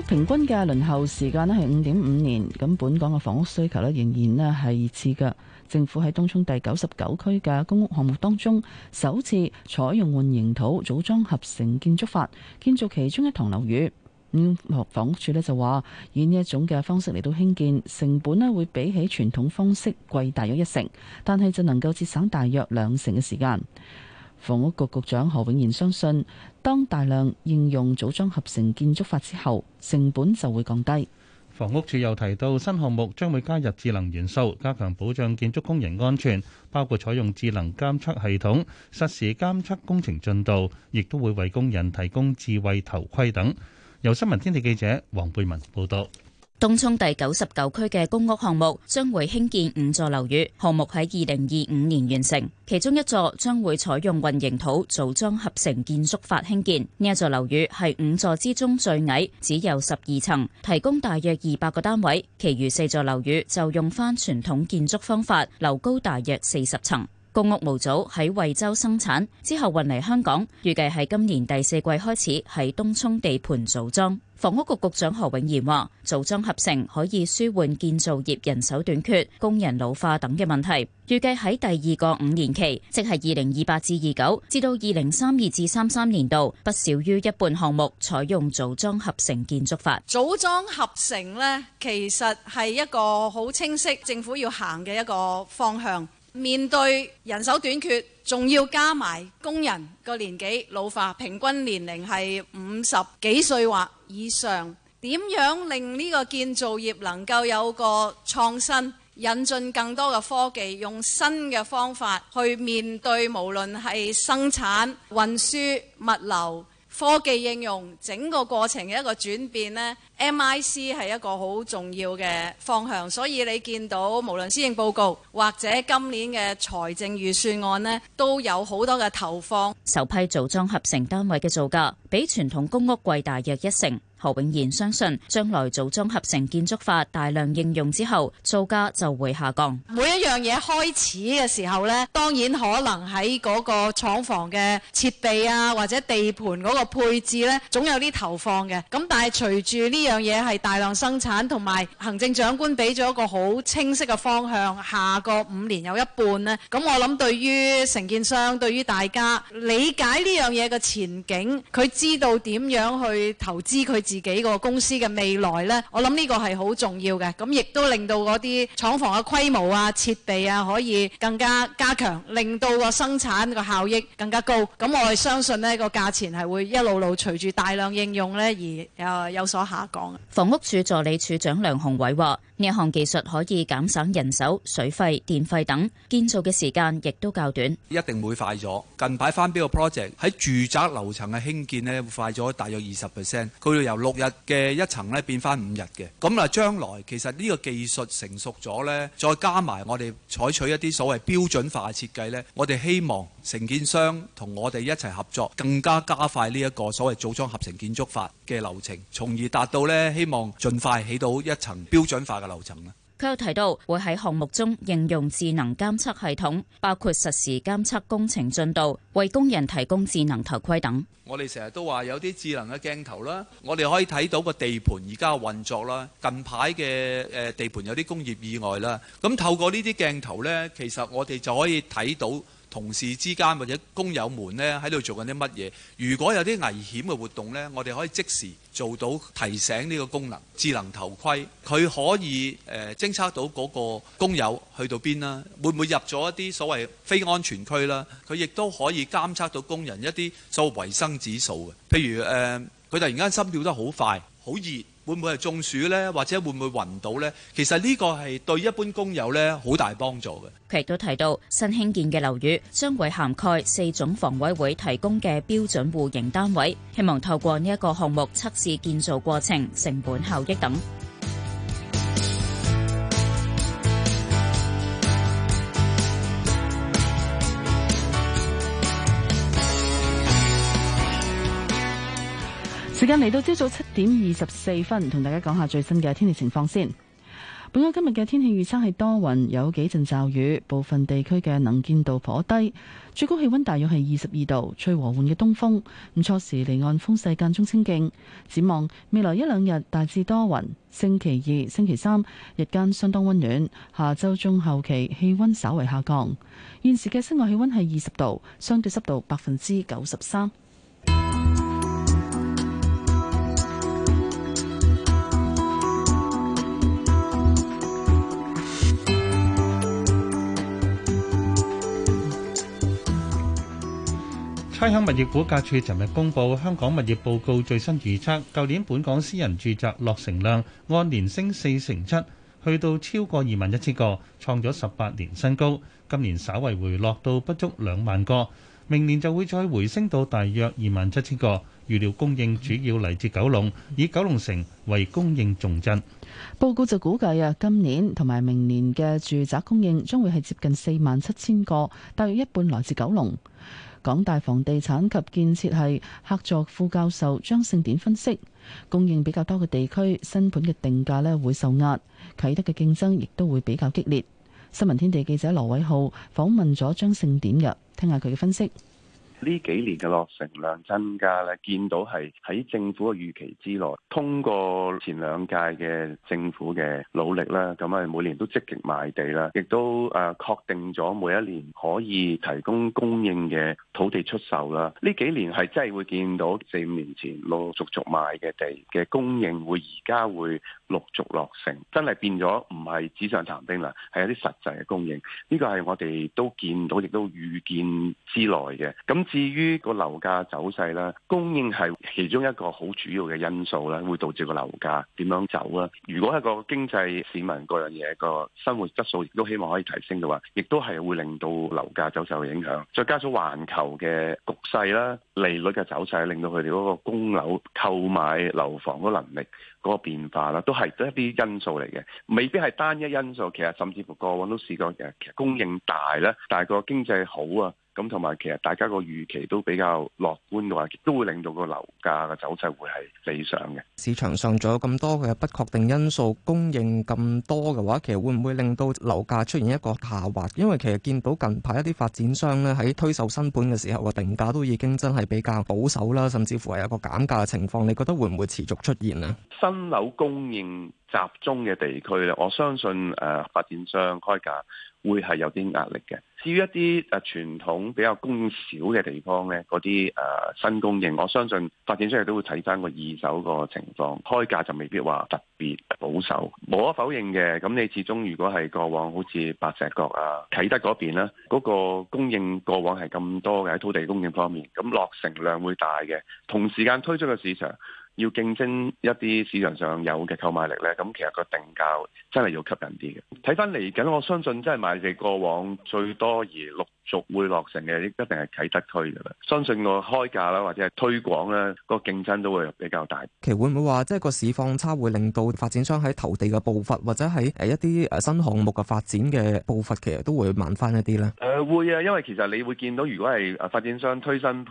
平均嘅輪候時間咧係五點五年，咁本港嘅房屋需求咧仍然咧係熱熾嘅。政府喺東涌第九十九區嘅公屋項目當中，首次採用混凝土組裝合成建築法建造其中一幢樓宇。咁、嗯、房屋署咧就話，以呢一種嘅方式嚟到興建，成本咧會比起傳統方式貴大約一成，但係就能夠節省大約兩成嘅時間。房屋局局長何永賢相信，當大量應用組裝合成建築法之後，成本就會降低。房屋署又提到，新項目將會加入智能元素，加強保障建築工人安全，包括採用智能監測系統，實時監測工程進度，亦都會為工人提供智慧頭盔等。由新聞天地記者黃貝文報道。東涌第九十九區嘅公屋項目將會興建五座樓宇，項目喺二零二五年完成。其中一座將會採用混凝土組裝合成建築法興建，呢一座樓宇係五座之中最矮，只有十二層，提供大約二百個單位。其餘四座樓宇就用返傳統建築方法，樓高大約四十層。公屋模組喺惠州生產，之後運嚟香港，預計喺今年第四季開始喺東涌地盤組裝。房屋局局長何永賢話，組裝合成可以舒緩建造業人手短缺、工人老化等嘅問題。預計喺第二個五年期，即係二零二八至二九至到二零三二至三三年度，不少於一半項目採用組裝合成建築法。組裝合成呢，其實係一個好清晰政府要行嘅一個方向。面對人手短缺，仲要加埋工人個年紀老化，平均年齡係五十幾歲或以上，點樣令呢個建造業能夠有個創新，引進更多嘅科技，用新嘅方法去面對無論係生產、運輸、物流。科技應用整個過程嘅一個轉變呢，MIC 係一個好重要嘅方向，所以你見到無論施政報告或者今年嘅財政預算案呢，都有好多嘅投放。首批組裝合成單位嘅造價比傳統公屋貴大約一成。何永賢相信將來組裝合成建築法大量應用之後，造價就會下降。每一樣嘢開始嘅時候咧，當然可能喺嗰個廠房嘅設備啊，或者地盤嗰個配置咧，總有啲投放嘅。咁但係隨住呢樣嘢係大量生產，同埋行政長官俾咗一個好清晰嘅方向，下個五年有一半咧。咁我諗對於承建商，對於大家理解呢樣嘢嘅前景，佢知道點樣去投資佢，自己個公司嘅未來呢，我諗呢個係好重要嘅，咁亦都令到嗰啲廠房嘅規模啊、設備啊，可以更加加強，令到個生產個效益更加高。咁我係相信呢個價錢係會一路路隨住大量應用呢而啊有所下降。房屋署助理署長梁雄偉話：呢項技術可以減省人手、水費、電費等，建造嘅時間亦都較短，一定會快咗。近排返邊個 project 喺住宅樓層嘅興建呢，咧，會快咗大約二十 percent，六日嘅一層咧，變翻五日嘅，咁啊將來其實呢個技術成熟咗呢，再加埋我哋採取一啲所謂標準化設計呢，我哋希望承建商同我哋一齊合作，更加加快呢一個所謂組裝合成建築法嘅流程，從而達到呢，希望盡快起到一層標準化嘅流程啦。佢有提到會喺項目中應用智能監測系統，包括實時監測工程進度，為工人提供智能頭盔等。我哋成日都話有啲智能嘅鏡頭啦，我哋可以睇到個地盤而家嘅運作啦。近排嘅誒地盤有啲工業意外啦，咁透過呢啲鏡頭呢，其實我哋就可以睇到。同事之間或者工友們呢喺度做緊啲乜嘢？如果有啲危險嘅活動呢，我哋可以即時做到提醒呢個功能。智能頭盔佢可以誒偵測到嗰個工友去到邊啦，會唔會入咗一啲所謂非安全區啦？佢亦都可以監測到工人一啲所謂維生指數嘅，譬如誒，佢突然間心跳得好快，好熱。會唔會係中暑呢，或者會唔會暈倒呢？其實呢個係對一般工友呢好大幫助嘅。佢亦都提到，新興建嘅樓宇將會涵蓋四種房委會提供嘅標準戶型單位，希望透過呢一個項目測試建造過程、成本效益等。時間嚟到朝早七點二十四分，同大家講下最新嘅天氣情況先。本港今日嘅天氣預測係多雲，有幾陣驟雨，部分地區嘅能見度頗低，最高氣溫大約係二十二度，吹和緩嘅東風。初時離岸風勢間中清勁。展望未來一兩日大致多雲，星期二、星期三日間相當溫暖，下周中後期氣溫稍為下降。現時嘅室外氣溫係二十度，相對濕度百分之九十三。差餉物業估價處尋日公布香港物業報告最新預測，舊年本港私人住宅落成量按年升四成七，去到超過二萬一千個，創咗十八年新高。今年稍為回落到不足兩萬個，明年就會再回升到大約二萬七千個。預料供應主要嚟自九龍，以九龍城為供應重鎮。報告就估計啊，今年同埋明年嘅住宅供應將會係接近四萬七千個，大約一半來自九龍。港大房地產及建設系客座副教授張勝典分析，供應比較多嘅地區，新盤嘅定價呢會受壓，啟德嘅競爭亦都會比較激烈。新聞天地記者羅偉浩訪問咗張勝典嘅，聽下佢嘅分析。呢幾年嘅落成量增加咧，見到係喺政府嘅預期之內。通過前兩屆嘅政府嘅努力啦，咁啊每年都積極賣地啦，亦都誒確定咗每一年可以提供供應嘅土地出售啦。呢幾年係真係會見到四五年前陸陸續續賣嘅地嘅供應，會而家會，陸續落成，真係變咗唔係紙上談兵啦，係有啲實際嘅供應，呢個係我哋都見到，亦都預見之內嘅。咁至於個樓價走勢啦，供應係其中一個好主要嘅因素咧，會導致個樓價點樣走啦。如果係個經濟市民各樣嘢個生活質素亦都希望可以提升嘅話，亦都係會令到樓價走勢受影響，再加上環球嘅局勢啦。利率嘅走勢令到佢哋嗰個供樓購買樓房嗰能力嗰個變化啦，都係一啲因素嚟嘅，未必係單一因素。其實甚至乎過往都試過，其實供應大啦，但係個經濟好啊。咁同埋，其實大家個預期都比較樂觀嘅話，都會令到個樓價嘅走勢會係理想嘅。市場上仲有咁多嘅不確定因素，供應咁多嘅話，其實會唔會令到樓價出現一個下滑？因為其實見到近排一啲發展商咧喺推售新盤嘅時候個定價都已經真係比較保守啦，甚至乎係一個減價嘅情況，你覺得會唔會持續出現啊？新樓供應集中嘅地區，咧，我相信誒發展商開價會係有啲壓力嘅。至於一啲誒傳統比較供少嘅地方呢，嗰啲誒新供應，我相信發展商亦都會睇翻個二手個情況，開價就未必話特別保守。無可否認嘅，咁你始終如果係過往好似白石角啊、啟德嗰邊啦，嗰、嗰個供應過往係咁多嘅，喺土地供應方面，咁落成量會大嘅，同時間推出嘅市場。要競爭一啲市場上有嘅購買力咧，咁其實個定價真係要吸引啲嘅。睇翻嚟緊，我相信真係買地過往最多而陸續會落成嘅，一定係啟德區嘅啦。相信個開價啦，或者係推廣咧，個競爭都會比較大。其實會唔會話即係個市況差會令到發展商喺投地嘅步伐，或者喺誒一啲誒新項目嘅發展嘅步伐，其實都會慢翻一啲咧？誒、呃、會啊，因為其實你會見到，如果係發展商推新盤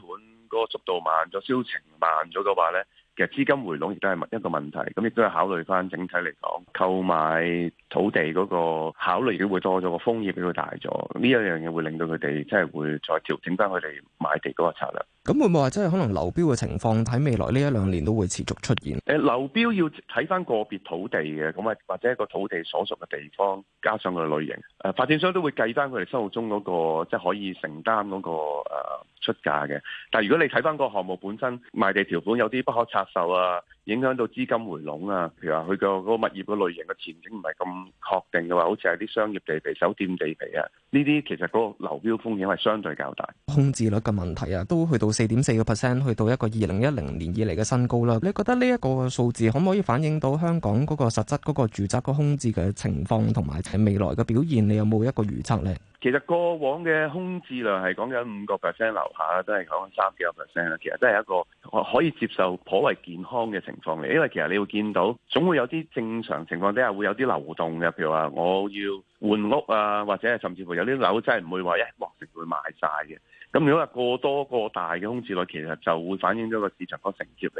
嗰個速度慢咗、銷情慢咗嘅話咧。嘅資金回籠亦都係一個問題，咁亦都係考慮翻整體嚟講購買土地嗰、那個考慮，都會多咗個風險，會大咗。呢一樣嘢會令到佢哋即係會再調整翻佢哋買地嗰個策略。咁會唔會話即係可能流標嘅情況喺未來呢一兩年都會持續出現？誒，流標要睇翻個別土地嘅，咁啊或者一個土地所屬嘅地方，加上佢類型，誒、呃、發展商都會計翻佢哋心目中嗰、那個即係可以承擔嗰、那個、呃出價嘅，但係如果你睇翻個項目本身賣地條款有啲不可接受啊。影響到資金回籠啊！譬如話佢個嗰個物業嘅類型嘅前景唔係咁確定嘅話，好似係啲商業地皮、酒店地皮啊，呢啲其實嗰個流標風險係相對較大。空置率嘅問題啊，都去到四點四個 percent，去到一個二零一零年以嚟嘅新高啦。你覺得呢一個數字可唔可以反映到香港嗰個實質嗰個住宅個空置嘅情況同埋喺未來嘅表現？你有冇一個預測呢？其實過往嘅空置量係講緊五個 percent 樓下啦，都係講緊三幾個 percent 啦。其實都係一個可以接受、頗為健康嘅情情況嚟，因為其實你會見到總會有啲正常情況底下會有啲流動嘅，譬如話我要換屋啊，或者係甚至乎有啲樓真係唔會話一鑊成會賣晒嘅。咁如果話過多過大嘅空置率，其實就會反映咗個市場個承接力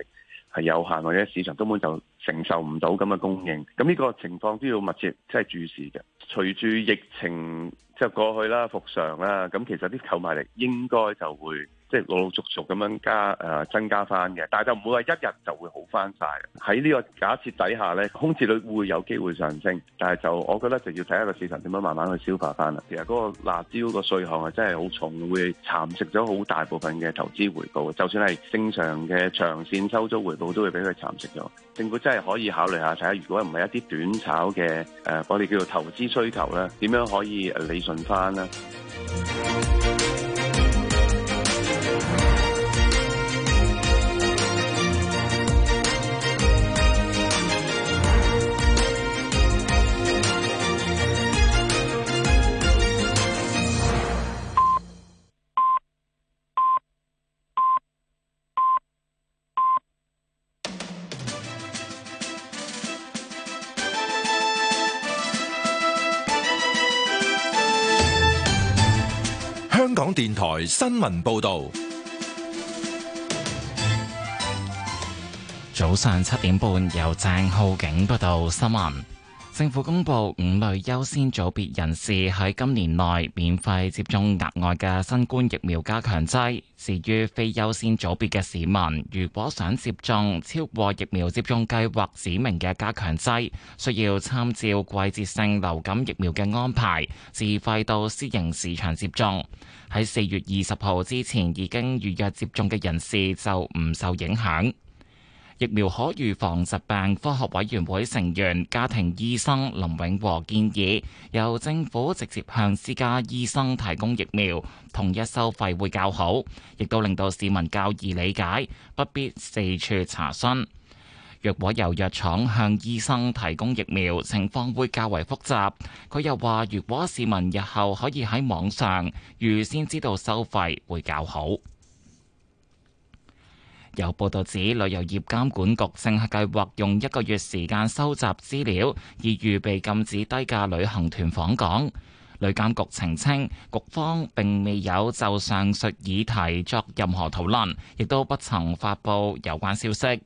係有限，或者市場根本就承受唔到咁嘅供應。咁呢個情況都要密切即係注視嘅。隨住疫情即係過去啦，復常啦，咁其實啲購買力應該就會。 即係陸,陸陸續續咁樣加誒、呃、增加翻嘅，但係就唔會話一日就會好翻晒。喺呢個假設底下呢，空置率會有機會上升，但係就我覺得就要睇下個市場點樣慢慢去消化翻啦。其實嗰個辣椒個稅項係真係好重，會蠶食咗好大部分嘅投資回報。就算係正常嘅長線收租回報，都會俾佢蠶食咗。政府真係可以考慮下睇下，如果唔係一啲短炒嘅誒，我哋叫做投資需求呢，點樣可以理順翻呢？電台新聞報道，早上七點半，由鄭浩景報道新聞。政府公布五類優先組別人士喺今年內免費接種額外嘅新冠疫苗加強劑，至於非優先組別嘅市民，如果想接種超過疫苗接種計劃指明嘅加強劑，需要參照季節性流感疫苗嘅安排，自費到私營市場接種，喺四月二十號之前已經預約接種嘅人士就唔受影響。疫苗可預防疾病科學委員會成員、家庭醫生林永和建議，由政府直接向私家醫生提供疫苗，統一收費會較好，亦都令到市民較易理解，不必四處查詢。若果由藥廠向醫生提供疫苗，情況會較為複雜。佢又話，如果市民日後可以喺網上預先知道收費，會較好。有報道指旅遊業監管局正係計劃用一個月時間收集資料，以預備禁止低價旅行團訪港。旅監局澄清，局方並未有就上述議題作任何討論，亦都不曾發佈有關消息。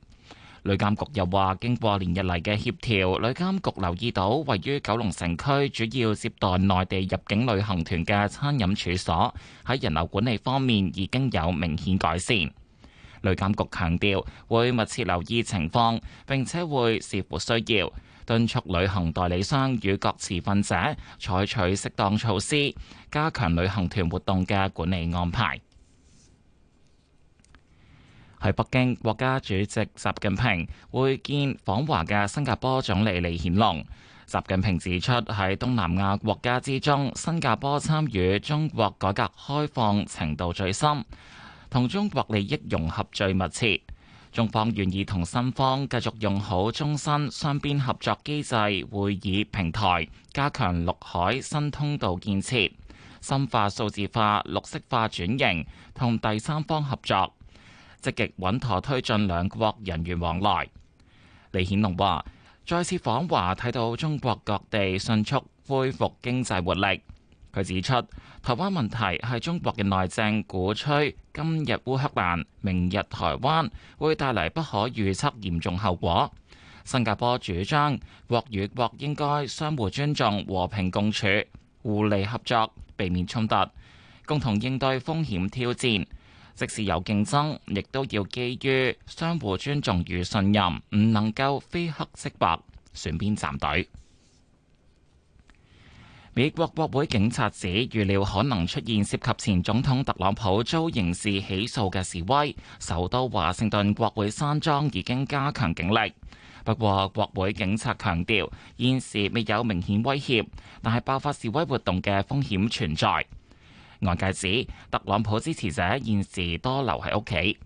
旅監局又話，經過連日嚟嘅協調，旅監局留意到位於九龍城區主要接待內地入境旅行團嘅餐飲處所喺人流管理方面已經有明顯改善。旅監局強調會密切留意情況，並且會視乎需要敦促旅行代理商與各持份者採取適當措施，加強旅行團活動嘅管理安排。喺北京，國家主席習近平會見訪華嘅新加坡總理李顯龍。習近平指出，喺東南亞國家之中，新加坡參與中國改革開放程度最深。同中國利益融合最密切，中方願意同新方繼續用好中新雙邊合作機制會議平台，加強陸海新通道建設，深化數字化、綠色化轉型，同第三方合作，積極穩妥推進兩國人員往來。李顯龍話，再次訪華，睇到中國各地迅速恢復經濟活力。佢指出，台灣問題係中國嘅內政，鼓吹今日烏克蘭，明日台灣，會帶嚟不可預測嚴重後果。新加坡主張，國與國應該相互尊重、和平共處、互利合作，避免衝突，共同應對風險挑戰。即使有競爭，亦都要基於相互尊重與信任，唔能夠非黑即白，選邊站隊。美國國會警察指預料可能出現涉及前總統特朗普遭刑事起訴嘅示威，首都華盛頓國會山莊已經加強警力。不過，國會警察強調現時未有明顯威脅，但係爆發示威活動嘅風險存在。外界指特朗普支持者現時多留喺屋企。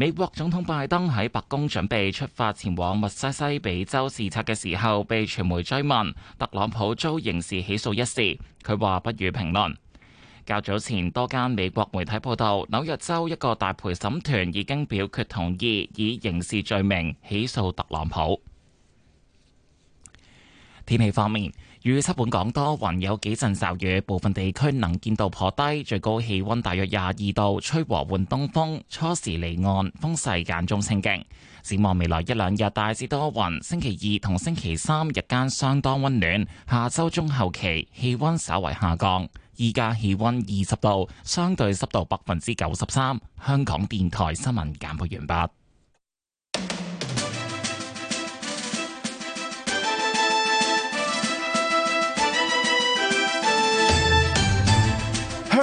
美國總統拜登喺白宮準備出發前往密西西比州視察嘅時候，被傳媒追問特朗普遭刑事起訴一事，佢話不予評論。較早前，多間美國媒體報道，紐約州一個大陪審團已經表決同意以刑事罪名起訴特朗普。天氣方面。預測本港多雲，有幾陣驟雨，部分地區能見度頗低，最高氣溫大約廿二度，吹和緩東風，初時離岸風勢間中清勁。展望未來一兩日大致多雲，星期二同星期三日間相當溫暖，下週中後期氣溫稍為下降。而家氣溫二十度，相對濕度百分之九十三。香港電台新聞簡報完畢。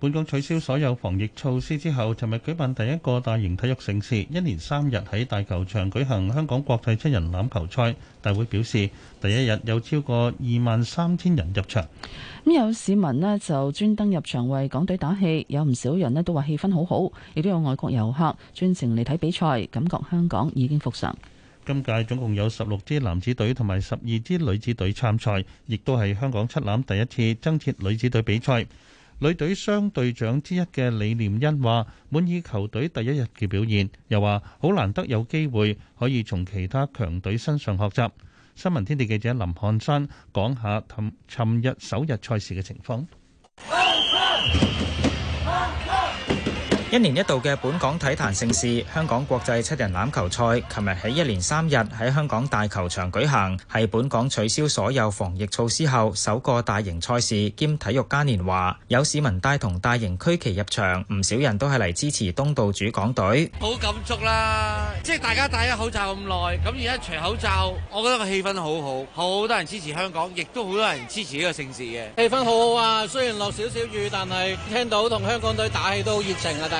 本港取消所有防疫措施之後，尋日舉辦第一個大型體育盛事，一連三日喺大球場舉行香港國際七人欖球賽。大會表示，第一日有超過二萬三千人入場。咁有市民咧就專登入場為港隊打氣，有唔少人咧都話氣氛好好，亦都有外國遊客專程嚟睇比賽，感覺香港已經復常。今屆總共有十六支男子隊同埋十二支女子隊參賽，亦都係香港七欖第一次增設女子隊比賽。女隊雙隊長之一嘅李念恩話：滿意球隊第一日嘅表現，又話好難得有機會可以從其他強隊身上學習。新聞天地記者林漢山講下尋尋日首日賽事嘅情況。啊啊一年一度嘅本港體壇盛事——香港國際七人欖球賽，琴日喺一連三日喺香港大球場舉行，係本港取消所有防疫措施後首個大型賽事兼體育嘉年華。有市民帶同大型區旗入場，唔少人都係嚟支持東道主港隊。好感觸啦，即係大家戴咗口罩咁耐，咁而家除口罩，我覺得個氣氛好好，好多人支持香港，亦都好多人支持呢個盛事嘅氣氛好好啊！雖然落少少雨，但係聽到同香港隊打氣都好熱情啊！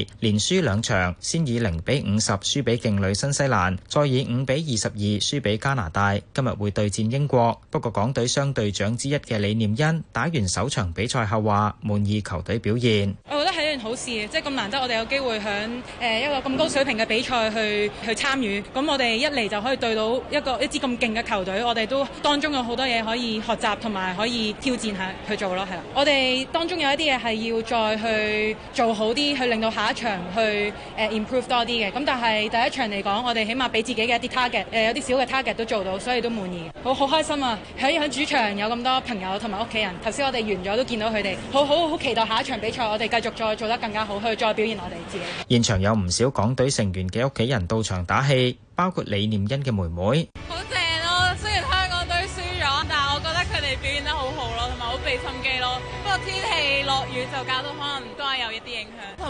連輸兩場，先以零比五十輸俾勁旅新西蘭，再以五比二十二輸俾加拿大。今日會對戰英國，不過港隊雙隊長之一嘅李念恩打完首場比賽後話：滿意球隊表現。我覺得係一件好事，即係咁難得我哋有機會響誒、呃、一個咁高水平嘅比賽去去參與。咁我哋一嚟就可以對到一個一支咁勁嘅球隊，我哋都當中有好多嘢可以學習，同埋可以挑戰下去做咯。係啦，我哋當中有一啲嘢係要再去做好啲，去令到下。一場去誒 improve 多啲嘅。咁、啊、但係第一場嚟講，我哋起碼俾自己嘅一啲 target，誒、呃、有啲小嘅 target、呃、target 都做到，所以都滿意。好好開心啊！喺喺主場有咁多朋友同埋屋企人，頭先我哋完咗都見到佢哋，好好好期待下一場比賽，我哋繼續再做得更加好，去再表現我哋自己。現場有唔少港隊成員嘅屋企人到場打氣，包括李念欣嘅妹妹。好正咯！雖然香港隊輸咗，但係我覺得佢哋表現得好好咯，同埋好畀心機咯。不過天氣落雨就搞到可能。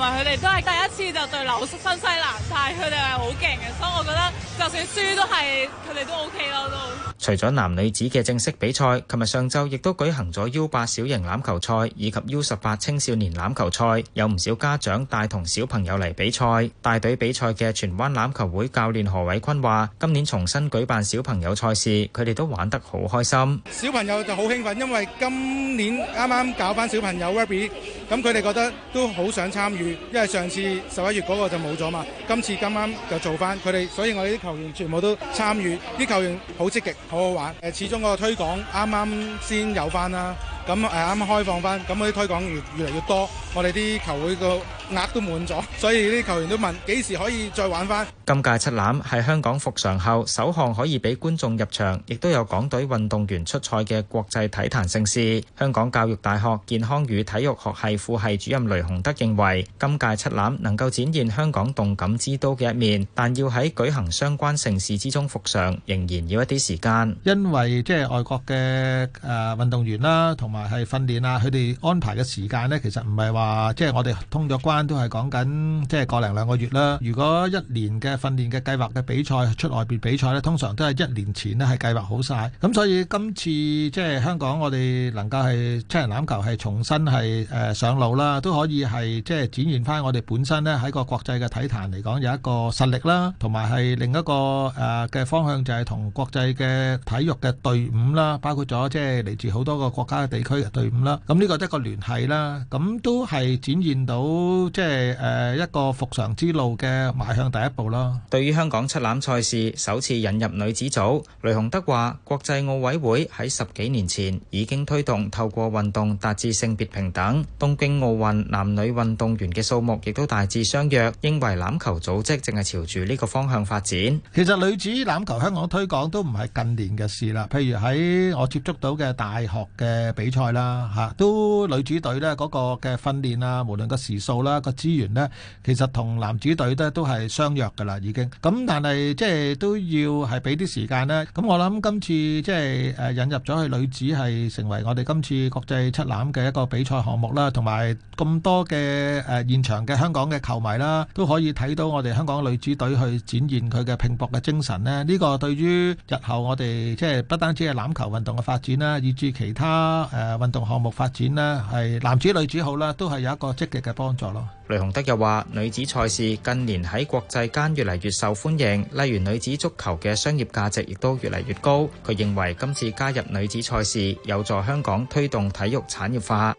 同埋佢哋都係第一次就對紐新西蘭，但係佢哋係好勁嘅，所以我覺得就算輸都係佢哋都 OK 咯都。除咗男女子嘅正式比賽，琴日上晝亦都舉行咗 U8 小型欖球賽以及 U18 青少年欖球賽，有唔少家長帶同小朋友嚟比賽。帶隊比賽嘅荃灣欖球會教練何偉坤話，今年重新舉辦小朋友賽事，佢哋都玩得好開心。小朋友就好興奮，因為今年啱啱搞翻小朋友 rugby，咁佢哋覺得都好想參與，因為上次十一月嗰個就冇咗嘛，今次今啱就做翻，佢哋所以我哋啲球員全部都參與啲球員好積極。好好玩，誒，始終嗰個推廣啱啱先有返啦。咁誒啱啱開放翻，咁啲推廣越越嚟越多，我哋啲球會個額都滿咗，所以啲球員都問幾時可以再玩翻。今屆七欖係香港復常後首項可以俾觀眾入場，亦都有港隊運動員出賽嘅國際體壇盛事。香港教育大學健康與體育學系副系主任雷洪德認為，今屆七欖能夠展現香港動感之都嘅一面，但要喺舉行相關盛事之中復常，仍然要一啲時間。因為即係外國嘅誒運動員啦，同埋係訓練啊，佢哋安排嘅時間咧，其實唔係話即係我哋通咗關都係講緊即係個零兩個月啦。如果一年嘅訓練嘅計劃嘅比賽出外邊比賽咧，通常都係一年前咧係計劃好晒。咁所以今次即係香港我哋能夠係七人欖球係重新係誒、呃、上路啦，都可以係即係展現翻我哋本身咧喺個國際嘅體壇嚟講有一個實力啦，同埋係另一個誒嘅、呃、方向就係同國際嘅體育嘅隊伍啦，包括咗即係嚟自好多個國家嘅地。區嘅隊伍啦，咁呢個一個聯繫啦，咁都係展現到即係誒一個復常之路嘅邁向第一步啦。對於香港七欖賽事首次引入女子組，雷洪德話：國際奧委會喺十幾年前已經推動透過運動達至性別平等，東京奧運男女運動員嘅數目亦都大致相約，因為欖球組織正係朝住呢個方向發展。其實女子欖球香港推廣都唔係近年嘅事啦，譬如喺我接觸到嘅大學嘅比。賽啦吓，都女子隊咧嗰個嘅訓練啊，無論個時數啦，個資源咧，其實同男子隊咧都係相若噶啦，已經。咁但係即係都要係俾啲時間咧。咁我諗今次即係誒引入咗去女子係成為我哋今次國際七欖嘅一個比賽項目啦，同埋咁多嘅誒現場嘅香港嘅球迷啦，都可以睇到我哋香港女子隊去展現佢嘅拼搏嘅精神咧。呢個對於日後我哋即係不單止係欖球運動嘅發展啦，以至其他誒。誒，運動項目發展啦，係男子、女子、女子好啦，都係有一個積極嘅幫助咯。雷洪德又話，女子賽事近年喺國際間越嚟越受歡迎，例如女子足球嘅商業價值亦都越嚟越高。佢認為今次加入女子賽事，有助香港推動體育產業化。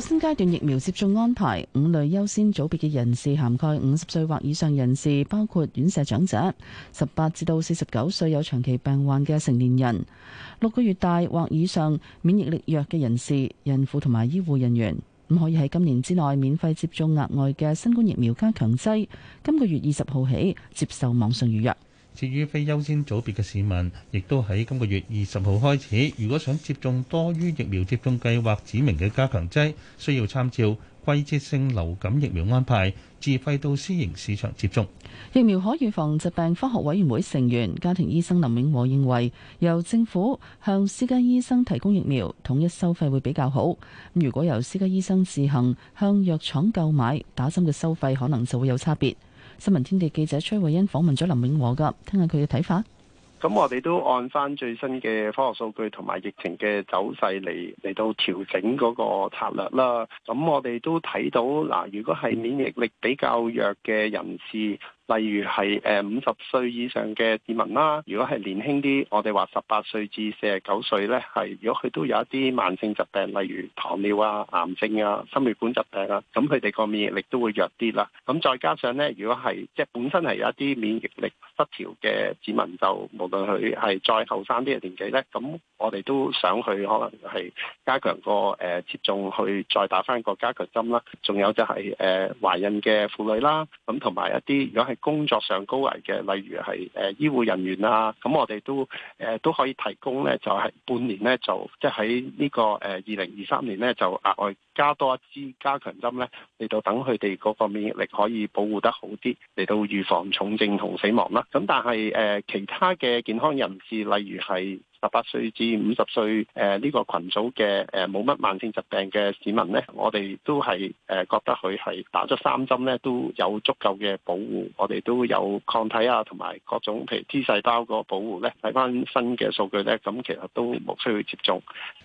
新階段疫苗接種安排，五類優先組別嘅人士涵蓋五十歲或以上人士，包括院舍長者、十八至到四十九歲有長期病患嘅成年人、六個月大或以上免疫力弱嘅人士、孕婦同埋醫護人員，咁可以喺今年之內免費接種額外嘅新冠疫苗加強劑，今個月二十號起接受網上預約。至於非優先組別嘅市民，亦都喺今個月二十號開始，如果想接種多於疫苗接種計劃指明嘅加強劑，需要參照季節性流感疫苗安排，自費到私營市場接種。疫苗可預防疾病科學委員會成員家庭醫生林永和認為，由政府向私家醫生提供疫苗，統一收費會比較好。如果由私家醫生自行向藥廠購買，打針嘅收費可能就會有差別。新聞天地記者崔慧欣訪問咗林永和㗎，聽下佢嘅睇法。咁我哋都按翻最新嘅科學數據同埋疫情嘅走勢嚟，嚟到調整嗰個策略啦。咁我哋都睇到嗱，如果係免疫力比較弱嘅人士。例如係誒五十歲以上嘅市民啦，如果係年輕啲，我哋話十八歲至四十九歲咧，係如果佢都有一啲慢性疾病，例如糖尿啊、癌症啊、心血管疾病啊，咁佢哋個免疫力都會弱啲啦。咁再加上咧，如果係即係本身係有一啲免疫力失調嘅市民，就無論佢係再後生啲嘅年紀咧，咁我哋都想佢可能係加強個誒、呃、接種，去再打返個加強針啦。仲有就係、是、誒、呃、懷孕嘅婦女啦，咁同埋一啲如果係。工作上高危嘅，例如係誒、呃、醫護人員啊，咁我哋都誒、呃、都可以提供咧，就係、是、半年咧，就即係喺呢個誒二零二三年咧，就額、是這個呃、外。加多一支加強針咧，嚟到等佢哋嗰個免疫力可以保護得好啲，嚟到預防重症同死亡啦。咁但係誒、呃、其他嘅健康人士，例如係十八歲至五十歲誒呢個群組嘅誒冇乜慢性疾病嘅市民咧，我哋都係誒、呃、覺得佢係打咗三針咧都有足夠嘅保護，我哋都有抗體啊同埋各種譬如 T 細胞個保護咧。睇翻新嘅數據咧，咁其實都冇需要接種。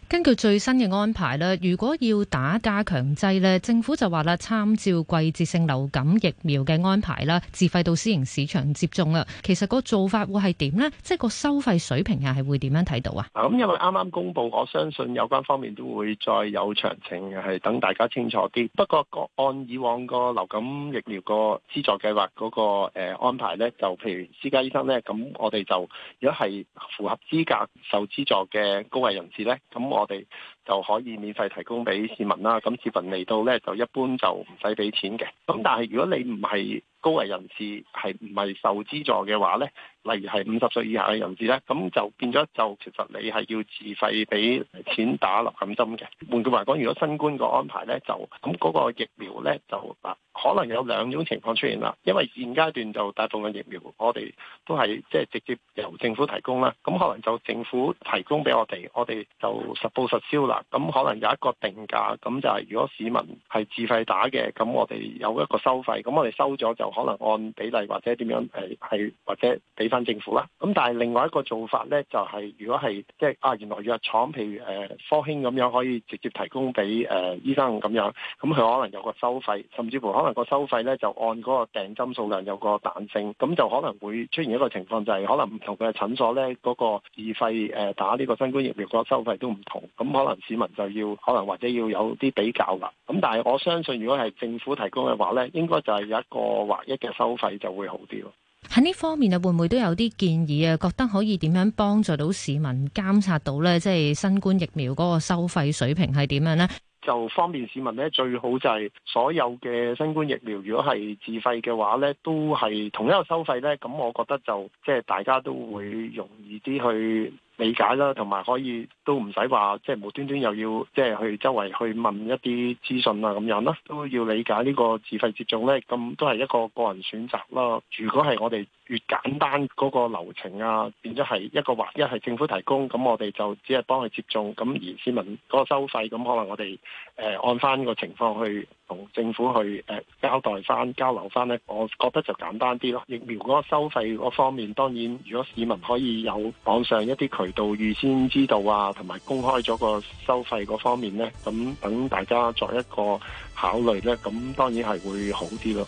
根據最新嘅安排咧，如果要打加強劑咧，政府就話啦，參照季節性流感疫苗嘅安排啦，自費到私營市場接種啊。其實個做法會係點呢？即係個收費水平啊，係會點樣睇到啊？咁因為啱啱公佈，我相信有關方面都會再有詳情係等大家清楚啲。不過個按以往個流感疫苗個資助計劃嗰個誒安排呢，就譬如私家醫生呢，咁我哋就如果係符合資格受資助嘅高危人士呢，咁我哋。就可以免費提供俾市民啦，咁接份嚟到咧就一般就唔使俾錢嘅，咁但係，如果你唔係高危人士，係唔係受資助嘅話咧？例如係五十歲以下嘅人士咧，咁就變咗就其實你係要自費俾錢打流感針嘅。換句話講，如果新冠個安排咧，就咁嗰個疫苗咧就啊，可能有兩種情況出現啦。因為現階段就大眾嘅疫苗，我哋都係即係直接由政府提供啦。咁可能就政府提供俾我哋，我哋就實報實銷啦。咁可能有一個定價，咁就係如果市民係自費打嘅，咁我哋有一個收費。咁我哋收咗就可能按比例或者點樣誒係或者俾翻政府啦，咁但係另外一個做法呢，就係、是、如果係即係啊，原來藥廠譬如誒、呃、科興咁樣可以直接提供俾誒、呃、醫生咁樣，咁、嗯、佢可能有個收費，甚至乎可能個收費呢，就按嗰個訂金數量有個彈性，咁、嗯、就可能會出現一個情況就係、是、可能唔同嘅診所呢，嗰、那個自費、呃、打呢個新冠疫苗個收費都唔同，咁、嗯、可能市民就要可能或者要有啲比較啦。咁、嗯、但係我相信，如果係政府提供嘅話呢，應該就係有一個劃一嘅收費就會好啲咯。喺呢方面啊，會唔會都有啲建議啊？覺得可以點樣幫助到市民監察到呢？即係新冠疫苗嗰個收費水平係點樣呢？就方便市民呢，最好就係所有嘅新冠疫苗，如果係自費嘅話呢，都係同一個收費呢。咁我覺得就即係大家都會容易啲去理解啦，同埋可以都唔使話，即係無端端又要即係去周圍去問一啲資訊啊咁樣啦，都要理解呢個自費接種咧，咁都係一個個人選擇啦。如果係我哋，越簡單嗰、那個流程啊，變咗係一個或一係政府提供，咁我哋就只係幫佢接種，咁而市民嗰個收費，咁可能我哋誒、呃、按返個情況去同政府去誒、呃、交代返、交流返呢，我覺得就簡單啲咯。疫苗嗰個收費嗰方面，當然如果市民可以有網上一啲渠道預先知道啊，同埋公開咗個收費嗰方面呢，咁等大家作一個考慮呢，咁當然係會好啲咯。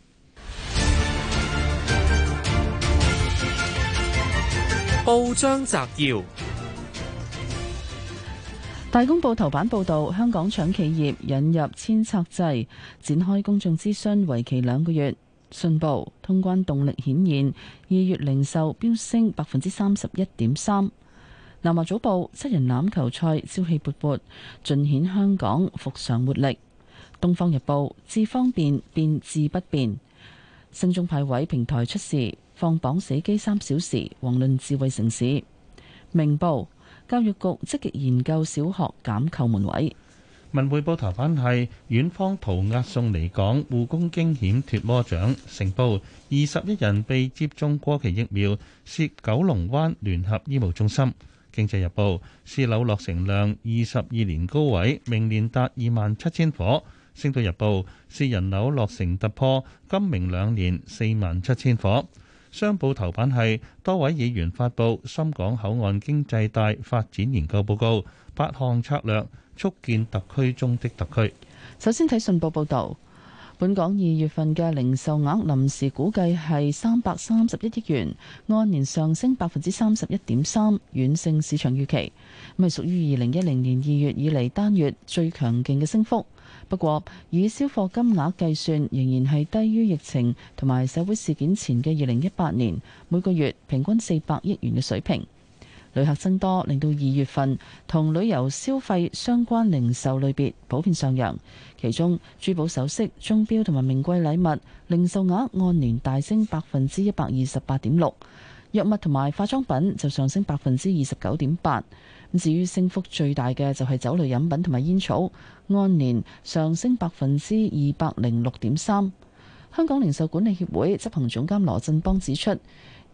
報章摘要：大公報頭版報道，香港搶企業引入遷冊制，展開公眾諮詢，為期兩個月。信報通關動力顯現，二月零售飆升百分之三十一點三。南華早報七人欖球賽，朝氣勃勃，盡顯香港復常活力。東方日報智方便變智不便，升中派位平台出事。放榜死機三小時，遑論智慧城市。明報，教育局積極研究小學減叩門位。文匯報頭版係，院方圖押送嚟港護工，驚險脱魔掌。成報，二十一人被接種過期疫苗，涉九龍灣聯合醫務中心。經濟日報，私樓落成量二十二年高位，明年達二萬七千夥。星島日報，私人樓落成突破，今明兩年四萬七千夥。商報頭版係多位議員發布《深港口岸經濟帶發展研究報告》，八項策略促建特區中的特區。首先睇信報報道，本港二月份嘅零售額臨時估計係三百三十一億元，按年上升百分之三十一點三，遠勝市場預期，咁係屬於二零一零年二月以嚟單月最強勁嘅升幅。不過，以銷貨金額計算，仍然係低於疫情同埋社會事件前嘅二零一八年每個月平均四百億元嘅水平。旅客增多令到二月份同旅遊消費相關零售類別普遍上揚，其中珠寶首飾、鐘錶同埋名貴禮物零售額按年大升百分之一百二十八點六，藥物同埋化妝品就上升百分之二十九點八。至於升幅最大嘅就係酒類飲品同埋煙草，按年上升百分之二百零六點三。香港零售管理協會執行總監羅振邦指出，二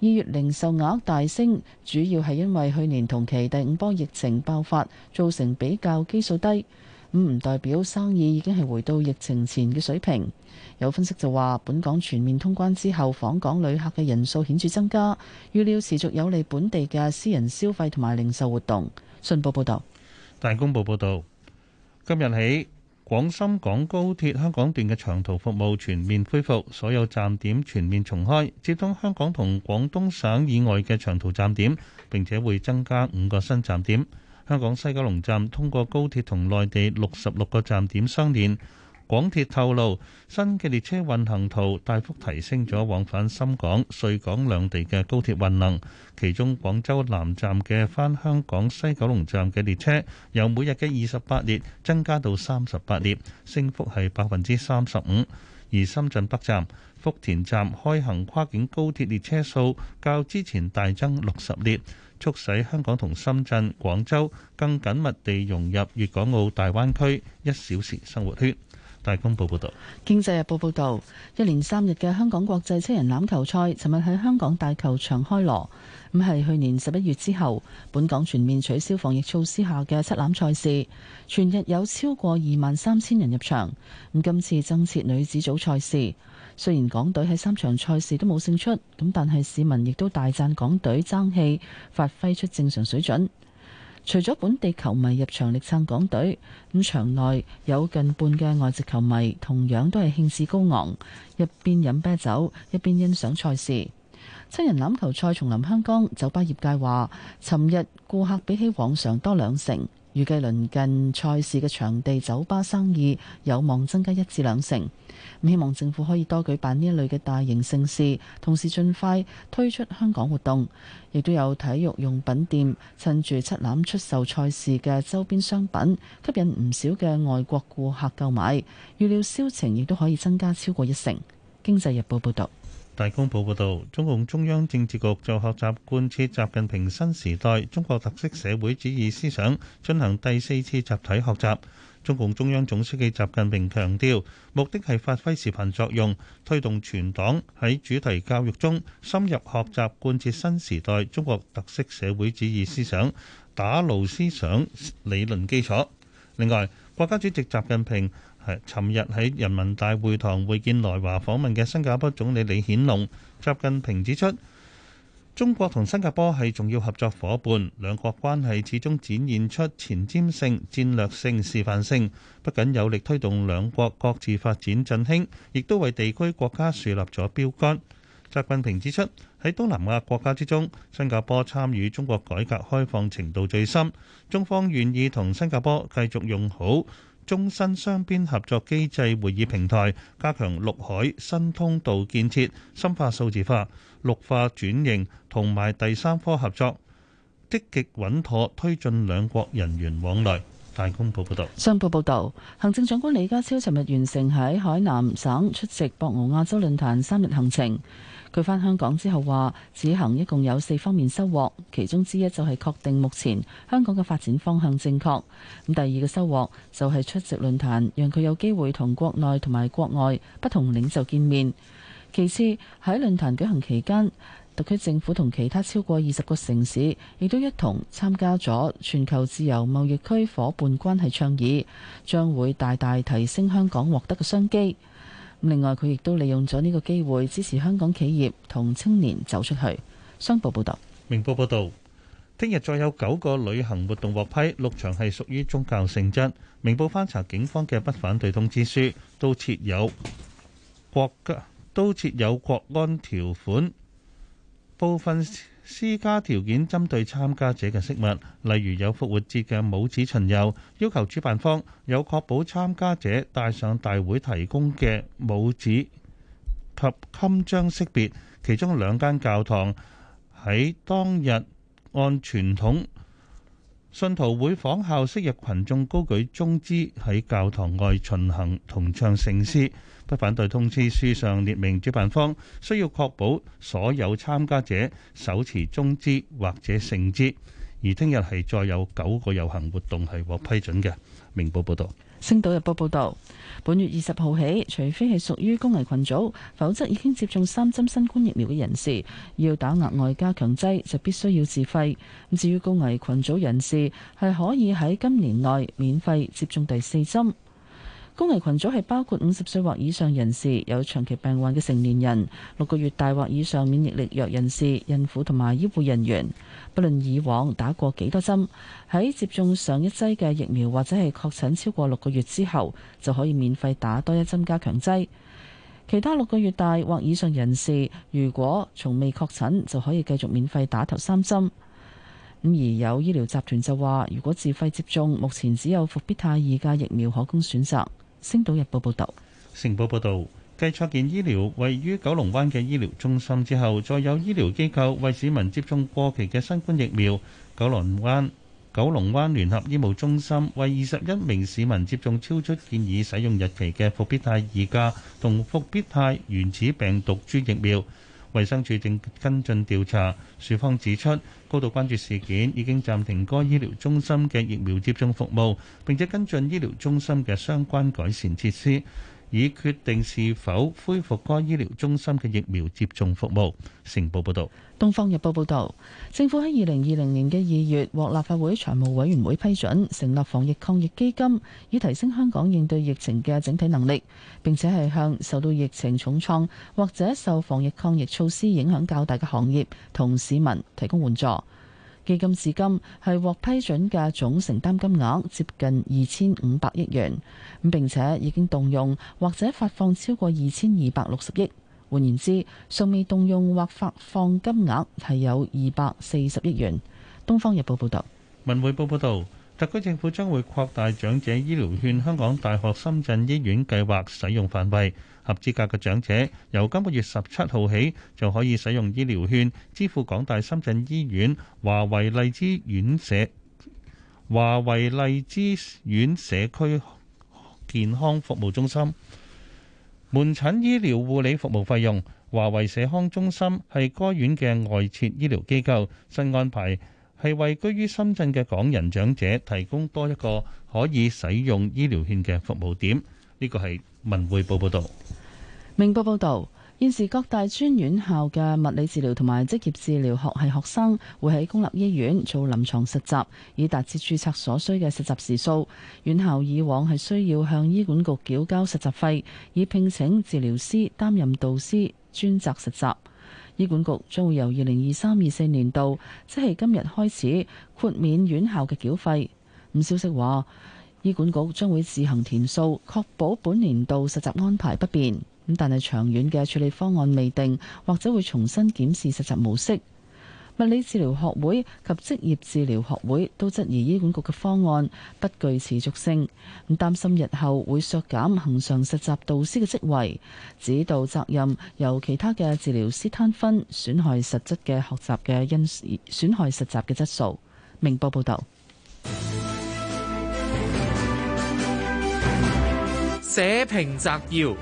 月零售額大升，主要係因為去年同期第五波疫情爆發造成比較基數低，唔代表生意已經係回到疫情前嘅水平。有分析就話，本港全面通關之後，訪港旅客嘅人數顯著增加，預料持續有利本地嘅私人消費同埋零售活動。信報報導，大公報報導，今日起廣深港高鐵香港段嘅長途服務全面恢復，所有站點全面重開，接通香港同廣東省以外嘅長途站點，並且會增加五個新站點。香港西九龍站通過高鐵同內地六十六個站點相連。廣鐵透露，新嘅列車運行圖大幅提升咗往返深港、穗港兩地嘅高鐵運能。其中，廣州南站嘅翻香港西九龍站嘅列車由每日嘅二十八列增加到三十八列，升幅係百分之三十五。而深圳北站、福田站開行跨境高鐵列車數較之前大增六十列，促使香港同深圳、廣州更緊密地融入粵港澳大灣區一小時生活圈。大公報報道，《經濟日報》報道，一連三日嘅香港國際七人欖球賽，尋日喺香港大球場開鑼。咁係去年十一月之後，本港全面取消防疫措施下嘅七欖賽事，全日有超過二萬三千人入場。咁今次增設女子組賽事，雖然港隊喺三場賽事都冇勝出，咁但係市民亦都大讚港隊爭氣，發揮出正常水準。除咗本地球迷入場力撐港隊，咁場內有近半嘅外籍球迷同樣都係興致高昂，一邊飲啤酒一邊欣賞賽事。七人欖球賽重臨香江，酒吧業界話，尋日顧客比起往常多兩成，預計鄰近賽事嘅場地酒吧生意有望增加一至兩成。希望政府可以多舉辦呢一類嘅大型盛事，同時盡快推出香港活動。亦都有體育用品店趁住七欖出售賽事嘅周邊商品，吸引唔少嘅外國顧客購買。預料銷情亦都可以增加超過一成。經濟日報報道。大公報報道，中共中央政治局就學習貫徹習近平新時代中國特色社會主義思想進行第四次集體學習。中共中央總書記習近平強調，目的係發揮示範作用，推動全黨喺主題教育中深入學習貫徹新時代中國特色社會主義思想，打牢思想理論基礎。另外，國家主席習近平係尋日喺人民大會堂會見來華訪問嘅新加坡總理李顯龍，習近平指出，中國同新加坡係重要合作伙伴，兩國關係始終展現出前瞻性、戰略性、示範性，不僅有力推動兩國各自發展振興，亦都為地區國家樹立咗標桿。習近平指出，喺東南亞國家之中，新加坡參與中國改革開放程度最深，中方願意同新加坡繼續用好中新雙邊合作機制會議平台，加強陸海新通道建設，深化數字化。綠化轉型同埋第三科合作，積極穩妥推進兩國人員往來。大公報報道：「商報報道，行政長官李家超尋日完成喺海南省出席博鰲亞洲論壇三日行程。佢返香港之後話，此行一共有四方面收穫，其中之一就係確定目前香港嘅發展方向正確。咁第二個收穫就係出席論壇，讓佢有機會同國內同埋國外不同領袖見面。其次喺論壇舉行期間，特區政府同其他超過二十個城市亦都一同參加咗全球自由貿易區伙伴關係倡議，將會大大提升香港獲得嘅商機。另外，佢亦都利用咗呢個機會支持香港企業同青年走出去。商報報導，明報報導，聽日再有九個旅行活動獲批，六場係屬於宗教性質。明報翻查警方嘅不反對通知書，都設有國家。都設有國安條款，部分私家條件針對參加者嘅飾物，例如有復活節嘅帽子巡遊，要求主辦方有確保參加者帶上大會提供嘅帽子及襟章識別。其中兩間教堂喺當日按傳統，信徒會仿效昔日群眾高舉棕枝喺教堂外巡行同唱聖詩。不反對通知書上列明，主辦方需要確保所有參加者手持中資或者盛資。而聽日係再有九個遊行活動係獲批准嘅。明報報道。星島日報報道，本月二十號起，除非係屬於高危群組，否則已經接種三針新冠疫苗嘅人士要打額外加強劑就必須要自費。咁至於高危群組人士係可以喺今年內免費接種第四針。高危群組係包括五十歲或以上人士、有長期病患嘅成年人、六個月大或以上免疫力弱人士、孕婦同埋醫護人員。不論以往打過幾多針，喺接種上一劑嘅疫苗或者係確診超過六個月之後，就可以免費打多一針加強劑。其他六個月大或以上人士，如果從未確診，就可以繼續免費打頭三針。咁而有醫療集團就話，如果自費接種，目前只有復必泰二價疫苗可供選擇。星島日報報道，成報報道，繼創建醫療位於九龍灣嘅醫療中心之後，再有醫療機構為市民接種過期嘅新冠疫苗。九龍灣九龍灣聯合醫務中心為二十一名市民接種超出建議使用日期嘅復必泰二價同復必泰原始病毒株疫苗。衛生署正跟進調查，署方指出高度關注事件，已經暫停該醫療中心嘅疫苗接種服務，並且跟進醫療中心嘅相關改善設施。以決定是否恢復該醫療中心嘅疫苗接種服務。成報報道：東方日報報道，政府喺二零二零年嘅二月獲立法會財務委員會批准成立防疫抗疫基金，以提升香港應對疫情嘅整體能力，並且係向受到疫情重創或者受防疫抗疫措施影響較大嘅行業同市民提供援助。基金至今係獲批准嘅總承擔金額接近二千五百億元，咁並且已經動用或者發放超過二千二百六十億。換言之，尚未動用或發放金額係有二百四十億元。《東方日報》報道，《文匯報》報道，特區政府將會擴大長者醫療券香港大學深圳醫院計劃使用範圍。合資格嘅長者由今個月十七號起就可以使用醫療券支付港大深圳醫院華為荔枝院社華為荔枝院社區健康服務中心門診醫療護理服務費用。華為社康中心係該院嘅外設醫療機構，新安排係為居於深圳嘅港人長者提供多一個可以使用醫療券嘅服務點。呢個係文匯報報導，明報報導，現時各大專院校嘅物理治療同埋職業治療學系學生會喺公立醫院做臨床實習，以達至註冊所需嘅實習時數。院校以往係需要向醫管局繳交實習費，以聘請治療師擔任導師專責實習。醫管局將會由二零二三二四年度，即係今日開始豁免院校嘅繳費。唔消息話。醫管局將會自行填數，確保本年度實習安排不變。咁但係長遠嘅處理方案未定，或者會重新檢視實習模式。物理治療學會及職業治療學會都質疑醫管局嘅方案不具持續性，咁擔心日後會削減恆常實習導師嘅職位，指導責任由其他嘅治療師攤分，損害實質嘅學習嘅因損害實習嘅質素。明報報道。社評摘要：《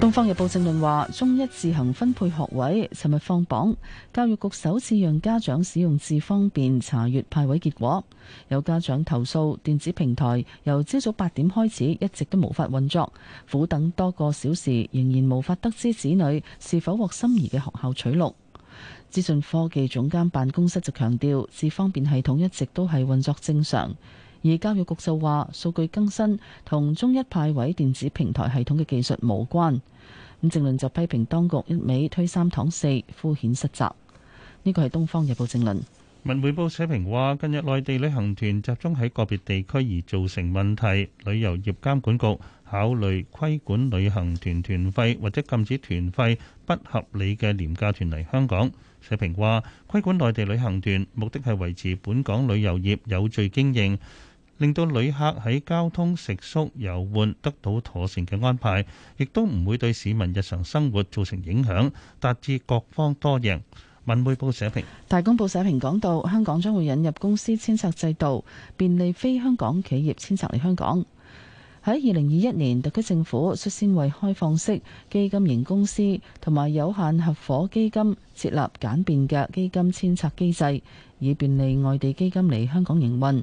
東方日報》正論話：中一自行分配學位，尋日放榜，教育局首次讓家長使用智方便查閱派位結果。有家長投訴，電子平台由朝早八點開始一直都無法運作，苦等多個小時仍然無法得知子女是否獲心儀嘅學校取錄。資訊科技總監辦公室就強調，智方便系統一直都係運作正常。而教育局就話數據更新同中一派位電子平台系統嘅技術無關。咁政論就批評當局一味推三搪四，敷衍失責。呢個係《東方日報》政論。文匯報社評話：近日內地旅行團集中喺個別地區而造成問題，旅遊業監管局考慮規管旅行團團費或者禁止團費不合理嘅廉價團嚟香港。社評話：規管內地旅行團目的係維持本港旅遊業有序經營。令到旅客喺交通、食宿、遊玩得到妥善嘅安排，亦都唔會對市民日常生活造成影響，達至各方多贏。文匯報社評。大公報社評講到，香港將會引入公司遷冊制度，便利非香港企業遷冊嚟香港。喺二零二一年，特區政府率先為開放式基金型公司同埋有限合夥基金設立簡便嘅基金遷冊機制，以便利外地基金嚟香港營運。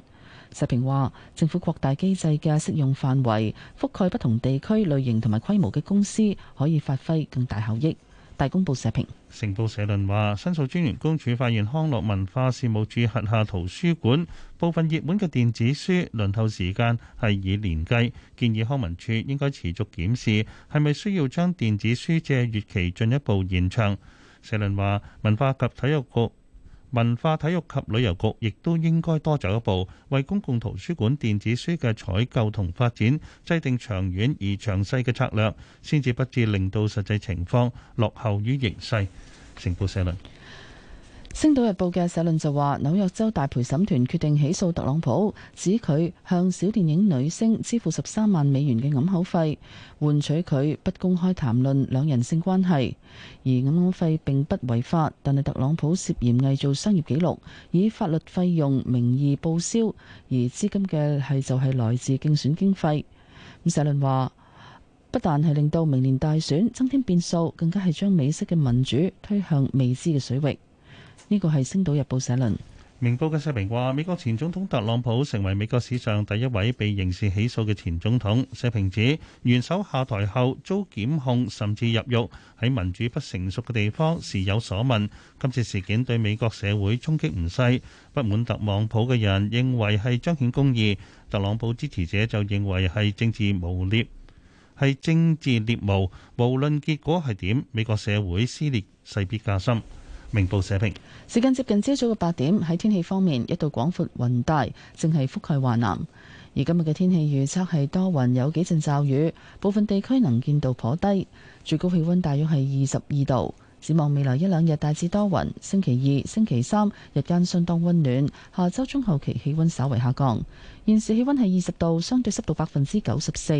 社評話：政府擴大機制嘅適用範圍，覆蓋不同地區、類型同埋規模嘅公司，可以發揮更大效益。大公報社評，成報社論話，申訴專員公署發現康樂文化事務處轄下圖書館部分熱門嘅電子書輪候時間係以年計，建議康文署應該持續檢視係咪需要將電子書借閱期進一步延長。社論話，文化及體育局。文化體育及旅遊局亦都應該多走一步，為公共圖書館電子書嘅採購同發展制定長遠而詳細嘅策略，先至不致令到實際情況落後於形勢。成報社論。《星島日報》嘅社論就話，紐約州大陪審團決定起訴特朗普，指佢向小電影女星支付十三萬美元嘅暗口費，換取佢不公開談論兩人性關係。而暗口費並不違法，但係特朗普涉嫌偽造商業記錄，以法律費用名義報銷，而資金嘅係就係來自競選經費。咁社論話，不但係令到明年大選增添變數，更加係將美式嘅民主推向未知嘅水域。呢個係《星島日報》社論，明報嘅社評話：美國前總統特朗普成為美國史上第一位被刑事起訴嘅前總統。社評指，元首下台後遭檢控，甚至入獄，喺民主不成熟嘅地方，時有所聞。今次事件對美國社會衝擊唔細，不滿特朗普嘅人認為係彰顯公義，特朗普支持者就認為係政治謀獵，係政治獵巫。無論結果係點，美國社會撕裂勢必加深。明報社評，時間接近朝早嘅八點，喺天氣方面，一道廣闊雲帶正係覆蓋華南，而今日嘅天氣預測係多雲有幾陣驟雨，部分地區能見度頗低，最高氣温大約係二十二度。展望未來一兩日大致多雲，星期二、星期三日間相當温暖，下周中後期氣温稍為下降。現時氣温係二十度，相對濕度百分之九十四。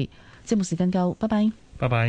節目時間夠，拜拜。拜拜。